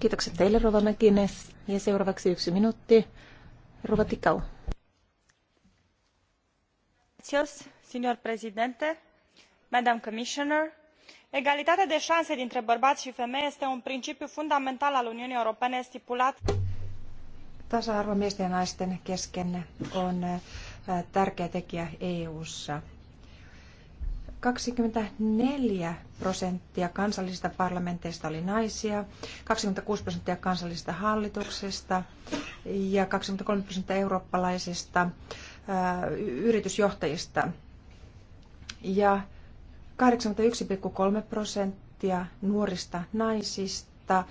Kiitokset teille, Rova McGuinness. Ja seuraavaksi yksi minuutti. Rova Tikau. Kiitos egalitatea de anse dintre bărbai i femei este un principiu fundamental al uniunii europene stipulat tasa arvo miesten ja naisten kesken on tärkeä tekijä EU:ssa. 24 prosenttia kansallisista parlamenteista oli naisia, 26 prosenttia kansallisesta hallituksesta ja 23 prosenttia eurooppalaisista yritysjohtajista ja 81,3 prosenttia nuorista naisista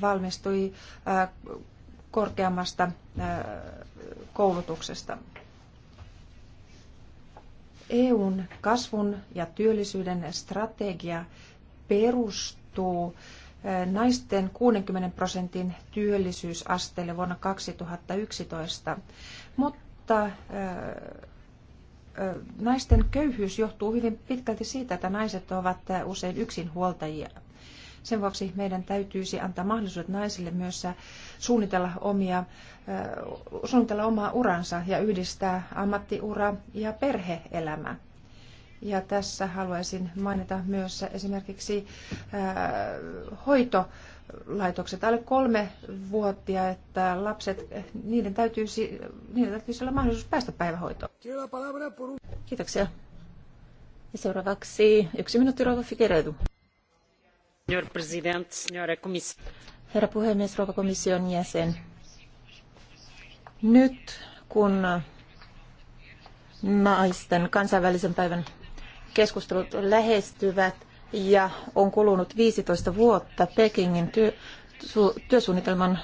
valmistui korkeammasta koulutuksesta. EUn kasvun ja työllisyyden strategia perustuu naisten 60 prosentin työllisyysasteelle vuonna 2011, mutta naisten köyhyys johtuu hyvin pitkälti siitä, että naiset ovat usein yksinhuoltajia. Sen vuoksi meidän täytyisi antaa mahdollisuudet naisille myös suunnitella, omia, suunnitella omaa uransa ja yhdistää ammattiura ja perheelämä. Ja tässä haluaisin mainita myös esimerkiksi hoito laitokset, alle kolme vuotia, että lapset, niiden täytyisi, niiden täytyisi olla mahdollisuus päästä päivähoitoon. Kiitoksia. Ja seuraavaksi yksi minuutti Rova Figueredo. Herra puhemies, Rova komission jäsen. Nyt kun naisten kansainvälisen päivän keskustelut lähestyvät, ja on kulunut 15 vuotta Pekingin työ, su, työsuunnitelman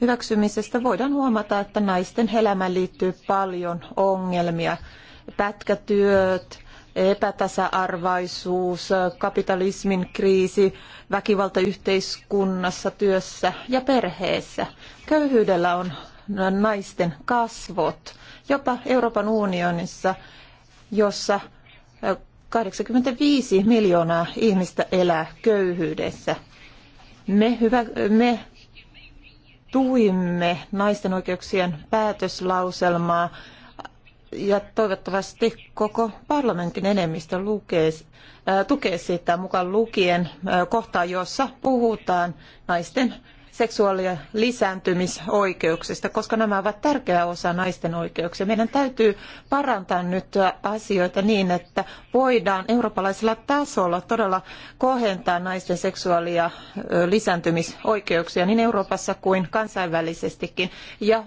hyväksymisestä, voidaan huomata, että naisten elämään liittyy paljon ongelmia. Pätkätyöt, epätasa-arvaisuus, kapitalismin kriisi, väkivalta yhteiskunnassa, työssä ja perheessä. Köyhyydellä on naisten kasvot. Jopa Euroopan unionissa, jossa 85 miljoonaa ihmistä elää köyhyydessä. Me, hyvä, me tuimme naisten oikeuksien päätöslauselmaa ja toivottavasti koko parlamentin enemmistö lukee, äh, tukee sitä mukaan lukien äh, kohtaa, jossa puhutaan naisten seksuaali- ja lisääntymisoikeuksista, koska nämä ovat tärkeä osa naisten oikeuksia. Meidän täytyy parantaa nyt asioita niin, että voidaan eurooppalaisella tasolla todella kohentaa naisten seksuaali- ja lisääntymisoikeuksia niin Euroopassa kuin kansainvälisestikin. Ja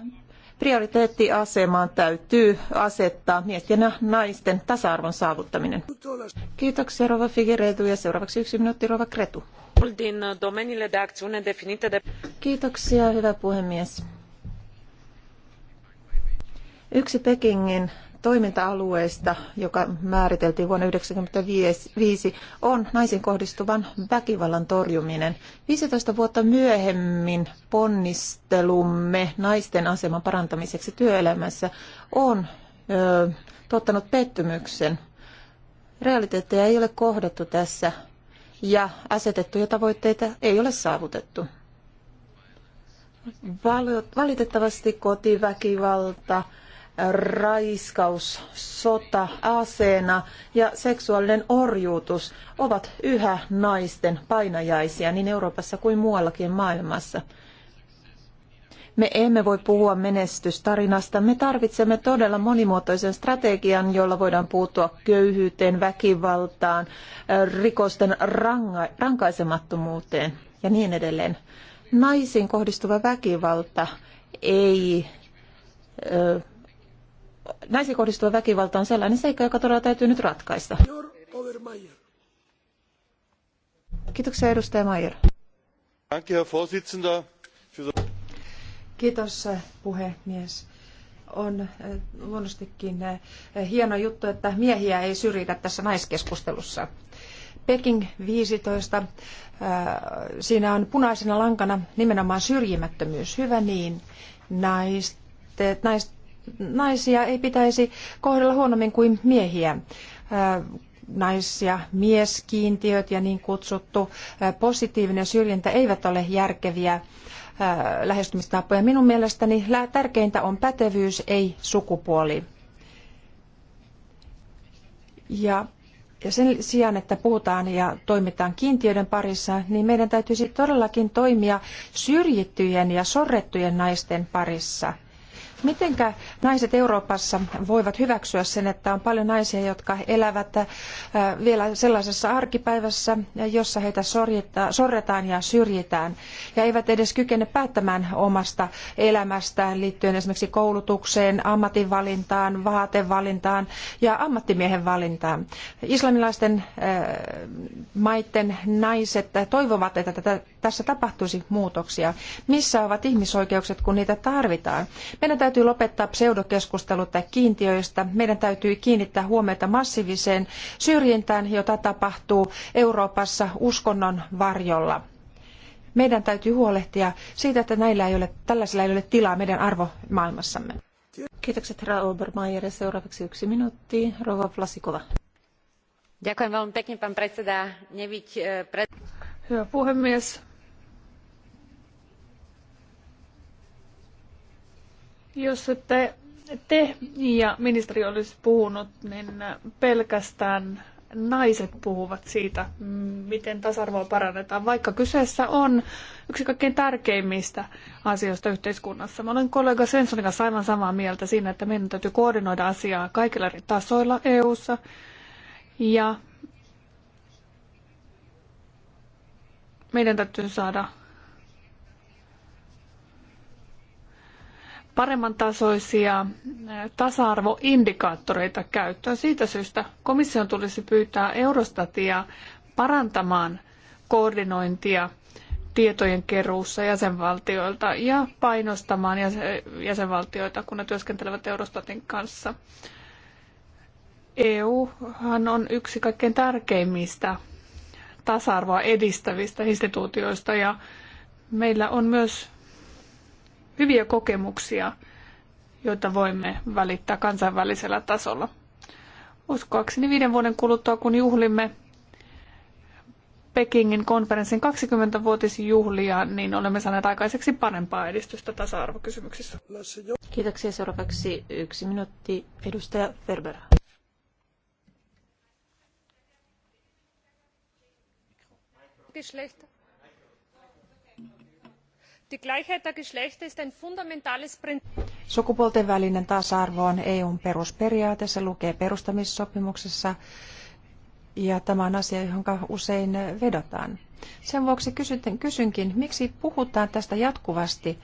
prioriteettiasemaan täytyy asettaa miesten ja naisten tasa-arvon saavuttaminen. Kiitoksia Rova ja seuraavaksi yksi minuutti Rova Kretu. Uh, Kiitoksia, hyvä puhemies. Yksi Pekingin toiminta-alueista, joka määriteltiin vuonna 1995, on naisiin kohdistuvan väkivallan torjuminen. 15 vuotta myöhemmin ponnistelumme naisten aseman parantamiseksi työelämässä on ö, tuottanut pettymyksen. Realiteetteja ei ole kohdattu tässä ja asetettuja tavoitteita ei ole saavutettu. Valitettavasti kotiväkivalta, raiskaus, sota aseena ja seksuaalinen orjuutus ovat yhä naisten painajaisia niin Euroopassa kuin muuallakin maailmassa. Me emme voi puhua menestystarinasta. Me tarvitsemme todella monimuotoisen strategian, jolla voidaan puuttua köyhyyteen, väkivaltaan, rikosten ranga- rankaisemattomuuteen ja niin edelleen. Naisiin kohdistuva väkivalta ei ö, naisiin kohdistuva väkivalta on sellainen seikka, joka todella täytyy nyt ratkaista. Kiitoksia edustaja Mayer. Danke, Herr Vorsitzender. Kiitos puhemies. On eh, luonnostikin eh, hieno juttu, että miehiä ei syrjitä tässä naiskeskustelussa. Peking 15, eh, siinä on punaisena lankana nimenomaan syrjimättömyys. Hyvä niin, naiste, nais, naisia ei pitäisi kohdella huonommin kuin miehiä nais- ja mieskiintiöt ja niin kutsuttu positiivinen syrjintä eivät ole järkeviä lähestymistapoja. Minun mielestäni tärkeintä on pätevyys, ei sukupuoli. Ja ja sen sijaan, että puhutaan ja toimitaan kiintiöiden parissa, niin meidän täytyisi todellakin toimia syrjittyjen ja sorrettujen naisten parissa – Miten naiset Euroopassa voivat hyväksyä sen, että on paljon naisia, jotka elävät äh, vielä sellaisessa arkipäivässä, jossa heitä sorretaan ja syrjitään ja eivät edes kykene päättämään omasta elämästään liittyen esimerkiksi koulutukseen, ammatinvalintaan, vaatevalintaan ja ammattimiehen valintaan. Islamilaisten äh, maiden naiset toivovat, että tätä, tässä tapahtuisi muutoksia. Missä ovat ihmisoikeukset, kun niitä tarvitaan? Meidän täytyy lopettaa pseudokeskustelu tai kiintiöistä. Meidän täytyy kiinnittää huomiota massiiviseen syrjintään, jota tapahtuu Euroopassa uskonnon varjolla. Meidän täytyy huolehtia siitä, että näillä ei ole, tällaisilla ei ole tilaa meidän arvomaailmassamme. Kiitokset herra Obermeier. Seuraavaksi yksi minuutti. Rova Vlasikova. Eh, Hyvä puhemies Jos te, te ja ministeri olisi puhunut, niin pelkästään naiset puhuvat siitä, miten tasa-arvoa parannetaan, vaikka kyseessä on yksi kaikkein tärkeimmistä asioista yhteiskunnassa. Mä olen kollega Svenssonin kanssa aivan samaa mieltä siinä, että meidän täytyy koordinoida asiaa kaikilla eri tasoilla EU-ssa. Ja meidän täytyy saada paremman tasoisia tasa-arvoindikaattoreita käyttöön. Siitä syystä komission tulisi pyytää Eurostatia parantamaan koordinointia tietojen keruussa jäsenvaltioilta ja painostamaan jäsenvaltioita, kun ne työskentelevät Eurostatin kanssa. EU on yksi kaikkein tärkeimmistä tasa-arvoa edistävistä instituutioista ja meillä on myös hyviä kokemuksia, joita voimme välittää kansainvälisellä tasolla. Uskoakseni viiden vuoden kuluttua, kun juhlimme Pekingin konferenssin 20-vuotisjuhlia, niin olemme saaneet aikaiseksi parempaa edistystä tasa-arvokysymyksissä. Kiitoksia. Seuraavaksi yksi minuutti. Edustaja Ferber. Die Gleichheit der Geschlechter ist ein fundamentales Prinzip. Sukupuolten välinen tasa-arvo on EUn perusperiaate, se lukee perustamissopimuksessa ja tämä on asia, johon usein vedotaan. Sen vuoksi kysynkin, miksi puhutaan tästä jatkuvasti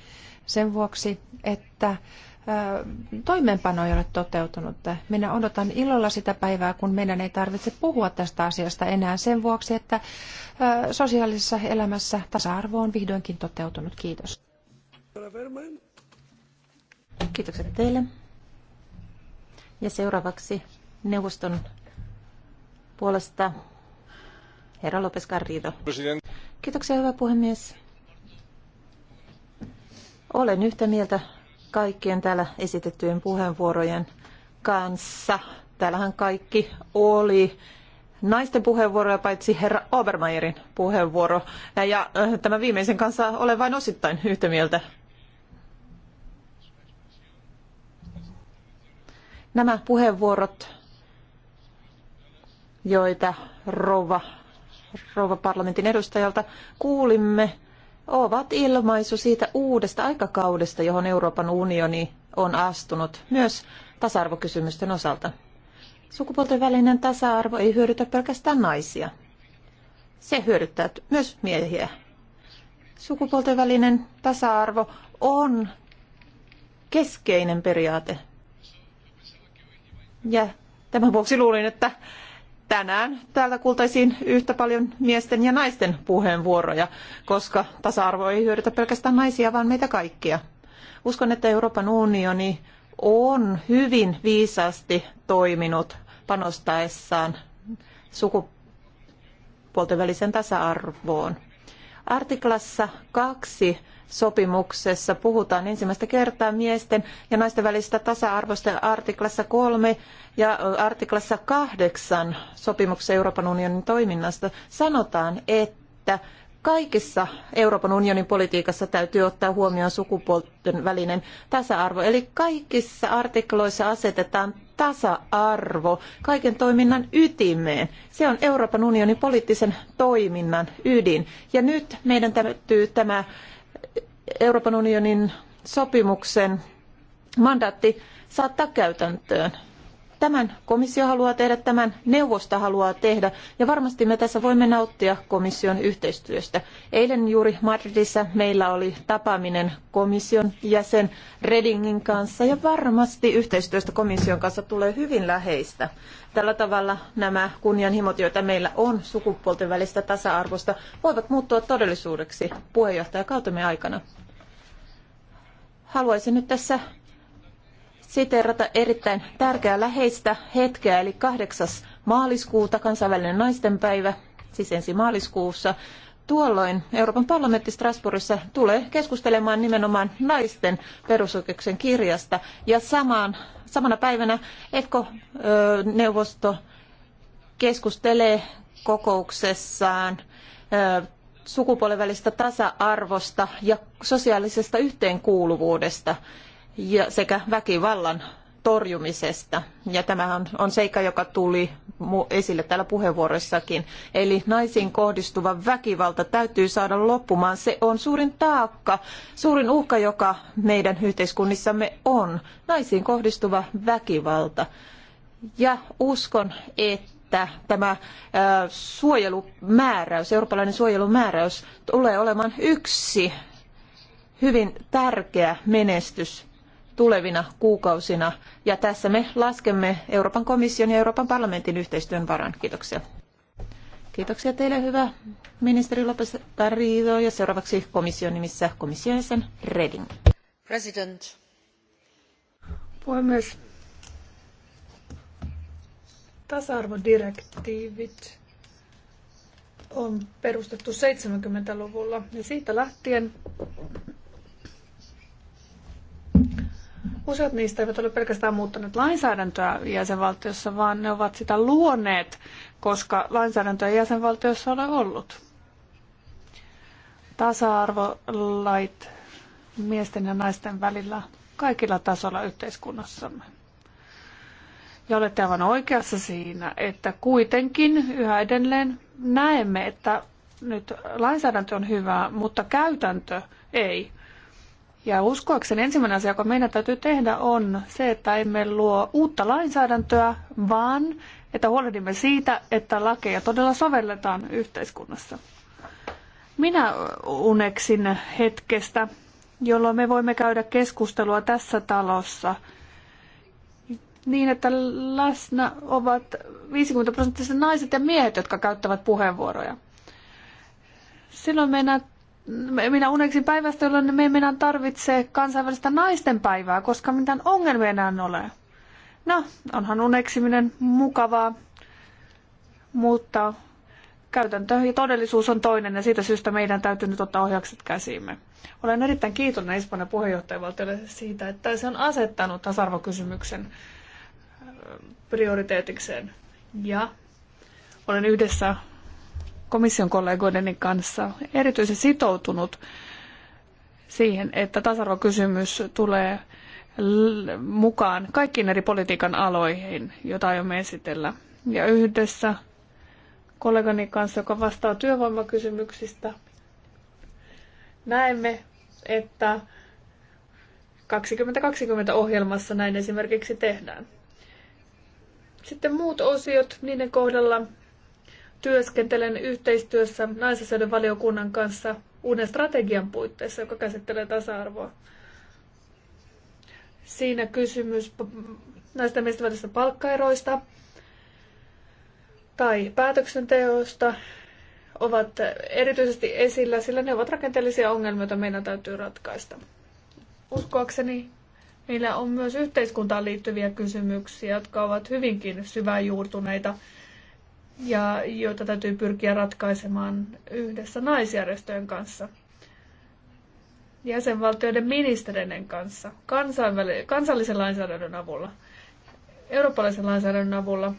sen vuoksi, että toimeenpano ei ole toteutunut. Minä odotan ilolla sitä päivää, kun meidän ei tarvitse puhua tästä asiasta enää sen vuoksi, että sosiaalisessa elämässä tasa-arvo on vihdoinkin toteutunut. Kiitos. Kiitokset teille. Ja seuraavaksi neuvoston puolesta herra Lopes Garrido. Kiitoksia, hyvä puhemies. Olen yhtä mieltä kaikkien täällä esitettyjen puheenvuorojen kanssa. Täällähän kaikki oli naisten puheenvuoroja, paitsi herra Obermeierin puheenvuoro. Ja äh, tämän viimeisen kanssa olen vain osittain yhtä mieltä. Nämä puheenvuorot, joita rouva, rouva parlamentin edustajalta kuulimme, ovat ilmaisu siitä uudesta aikakaudesta, johon Euroopan unioni on astunut myös tasa-arvokysymysten osalta. Sukupuolten välinen tasa-arvo ei hyödytä pelkästään naisia. Se hyödyttää myös miehiä. Sukupuolten välinen tasa-arvo on keskeinen periaate. Ja tämän vuoksi luulin, että tänään täällä kuultaisiin yhtä paljon miesten ja naisten puheenvuoroja, koska tasa-arvo ei hyödytä pelkästään naisia, vaan meitä kaikkia. Uskon, että Euroopan unioni on hyvin viisaasti toiminut panostaessaan sukupuolten väliseen tasa-arvoon. Artiklassa kaksi sopimuksessa puhutaan ensimmäistä kertaa miesten ja naisten välisestä tasa-arvosta artiklassa kolme ja artiklassa kahdeksan sopimuksessa Euroopan unionin toiminnasta sanotaan, että kaikessa Euroopan unionin politiikassa täytyy ottaa huomioon sukupuolten välinen tasa-arvo. Eli kaikissa artikloissa asetetaan tasa-arvo kaiken toiminnan ytimeen. Se on Euroopan unionin poliittisen toiminnan ydin. Ja nyt meidän täytyy tämä Euroopan unionin sopimuksen mandaatti saattaa käytäntöön. Tämän komissio haluaa tehdä, tämän neuvosto haluaa tehdä ja varmasti me tässä voimme nauttia komission yhteistyöstä. Eilen juuri Madridissa meillä oli tapaaminen komission jäsen Redingin kanssa ja varmasti yhteistyöstä komission kanssa tulee hyvin läheistä. Tällä tavalla nämä kunnianhimot, joita meillä on sukupuolten välistä tasa-arvosta, voivat muuttua todellisuudeksi puheenjohtajakautemme aikana. Haluaisin nyt tässä siteerata erittäin tärkeää läheistä hetkeä, eli 8. maaliskuuta, kansainvälinen naistenpäivä, siis ensi maaliskuussa. Tuolloin Euroopan parlamentti Strasbourgissa tulee keskustelemaan nimenomaan naisten perusoikeuksien kirjasta. Ja samaan, samana päivänä EFKO-neuvosto keskustelee kokouksessaan sukupuolen välistä tasa-arvosta ja sosiaalisesta yhteenkuuluvuudesta ja sekä väkivallan torjumisesta. Ja tämä on seikka, joka tuli esille täällä puheenvuoroissakin. Eli naisiin kohdistuva väkivalta täytyy saada loppumaan. Se on suurin taakka, suurin uhka, joka meidän yhteiskunnissamme on. Naisiin kohdistuva väkivalta. Ja uskon, että tämä suojelumääräys, eurooppalainen suojelumääräys tulee olemaan yksi hyvin tärkeä menestys tulevina kuukausina. Ja tässä me laskemme Euroopan komission ja Euroopan parlamentin yhteistyön varaan. Kiitoksia. Kiitoksia teille, hyvä ministeri Lopes Garrido. Ja seuraavaksi komission nimissä komission jäsen Reding. President. Puhemies. Tasa-arvodirektiivit on perustettu 70-luvulla ja siitä lähtien Useat niistä eivät ole pelkästään muuttaneet lainsäädäntöä jäsenvaltiossa, vaan ne ovat sitä luoneet, koska lainsäädäntöä jäsenvaltiossa ole ollut. Tasa-arvolait miesten ja naisten välillä kaikilla tasolla yhteiskunnassamme. Ja olette aivan oikeassa siinä, että kuitenkin yhä edelleen näemme, että nyt lainsäädäntö on hyvää, mutta käytäntö ei. Ja uskoakseni ensimmäinen asia, joka meidän täytyy tehdä, on se, että emme luo uutta lainsäädäntöä, vaan että huolehdimme siitä, että lakeja todella sovelletaan yhteiskunnassa. Minä uneksin hetkestä, jolloin me voimme käydä keskustelua tässä talossa niin, että läsnä ovat 50 prosenttisesti naiset ja miehet, jotka käyttävät puheenvuoroja. Silloin meidän minä uneksin päivästä, jolloin me ei enää tarvitse kansainvälistä naisten päivää, koska mitään ongelmia enää ole. No, onhan uneksiminen mukavaa, mutta käytäntö ja todellisuus on toinen ja siitä syystä meidän täytyy nyt ottaa ohjaukset käsiimme. Olen erittäin kiitollinen Espanjan puheenjohtajavaltiolle siitä, että se on asettanut tasa-arvokysymyksen prioriteetikseen. Ja olen yhdessä komission kollegoideni kanssa erityisen sitoutunut siihen, että tasa-arvokysymys tulee mukaan kaikkiin eri politiikan aloihin, joita aiomme esitellä. Ja yhdessä kollegani kanssa, joka vastaa työvoimakysymyksistä, näemme, että 2020-ohjelmassa näin esimerkiksi tehdään. Sitten muut osiot, niiden kohdalla työskentelen yhteistyössä naisasioiden valiokunnan kanssa uuden strategian puitteissa, joka käsittelee tasa-arvoa. Siinä kysymys näistä miesten välisistä palkkaeroista tai päätöksenteosta ovat erityisesti esillä, sillä ne ovat rakenteellisia ongelmia, joita meidän täytyy ratkaista. Uskoakseni niillä on myös yhteiskuntaan liittyviä kysymyksiä, jotka ovat hyvinkin syväjuurtuneita. juurtuneita ja joita täytyy pyrkiä ratkaisemaan yhdessä naisjärjestöjen kanssa, jäsenvaltioiden ministerien kanssa, kansainväli- kansallisen lainsäädännön avulla, eurooppalaisen lainsäädännön avulla.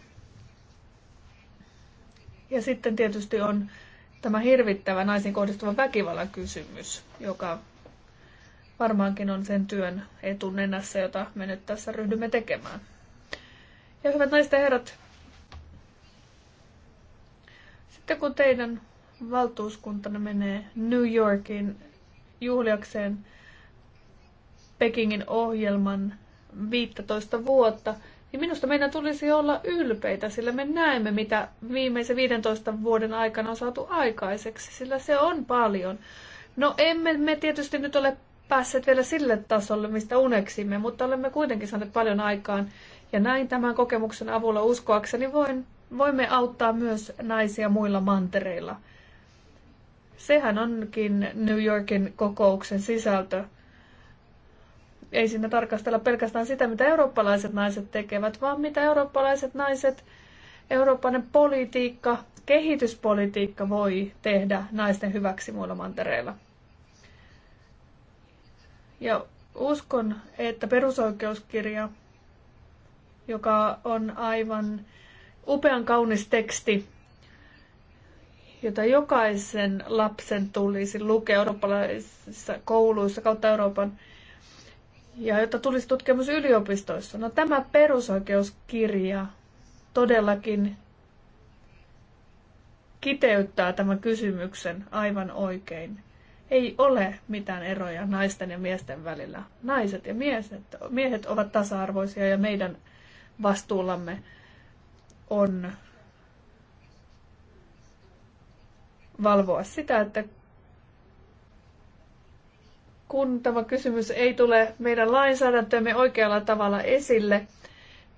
Ja sitten tietysti on tämä hirvittävä naisiin kohdistuva väkivallan kysymys, joka varmaankin on sen työn etunenässä, jota me nyt tässä ryhdymme tekemään. Ja hyvät naiset ja herrat, sitten kun teidän valtuuskuntanne menee New Yorkin juhliakseen Pekingin ohjelman 15 vuotta, niin minusta meidän tulisi olla ylpeitä, sillä me näemme, mitä viimeisen 15 vuoden aikana on saatu aikaiseksi, sillä se on paljon. No emme me tietysti nyt ole päässeet vielä sille tasolle, mistä uneksimme, mutta olemme kuitenkin saaneet paljon aikaan. Ja näin tämän kokemuksen avulla uskoakseni voin voimme auttaa myös naisia muilla mantereilla. Sehän onkin New Yorkin kokouksen sisältö. Ei siinä tarkastella pelkästään sitä, mitä eurooppalaiset naiset tekevät, vaan mitä eurooppalaiset naiset, eurooppalainen politiikka, kehityspolitiikka voi tehdä naisten hyväksi muilla mantereilla. Ja uskon, että perusoikeuskirja, joka on aivan upean kaunis teksti, jota jokaisen lapsen tulisi lukea eurooppalaisissa kouluissa kautta Euroopan ja jota tulisi tutkia myös yliopistoissa. No tämä perusoikeuskirja todellakin kiteyttää tämän kysymyksen aivan oikein. Ei ole mitään eroja naisten ja miesten välillä. Naiset ja miehet, miehet ovat tasa-arvoisia ja meidän vastuullamme on valvoa sitä, että kun tämä kysymys ei tule meidän lainsäädäntömme oikealla tavalla esille,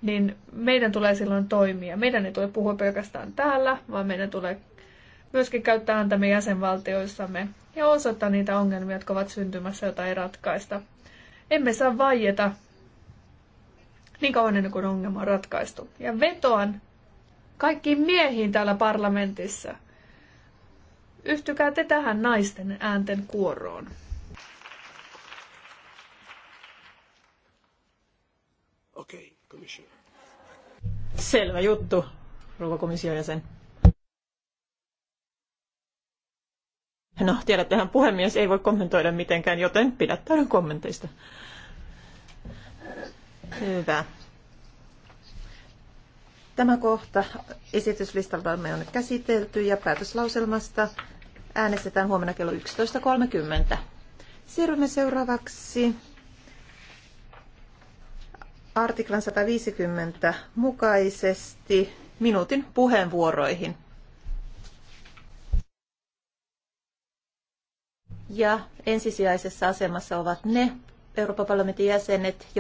niin meidän tulee silloin toimia. Meidän ei tule puhua pelkästään täällä, vaan meidän tulee myöskin käyttää antamme jäsenvaltioissamme ja osoittaa niitä ongelmia, jotka ovat syntymässä, joita ei ratkaista. Emme saa vaieta niin kauan ennen kuin ongelma on ratkaistu. Ja vetoan kaikkiin miehiin täällä parlamentissa. Yhtykää te tähän naisten äänten kuoroon. Okei, okay, Selvä juttu, rouva komission jäsen. No, tiedättehän puhemies ei voi kommentoida mitenkään, joten pidättäydyn kommenteista. Hyvä. Tämä kohta esityslistalta on nyt käsitelty ja päätöslauselmasta äänestetään huomenna kello 11.30. Siirrymme seuraavaksi artiklan 150 mukaisesti minuutin puheenvuoroihin. Ja ensisijaisessa asemassa ovat ne Euroopan parlamentin jäsenet,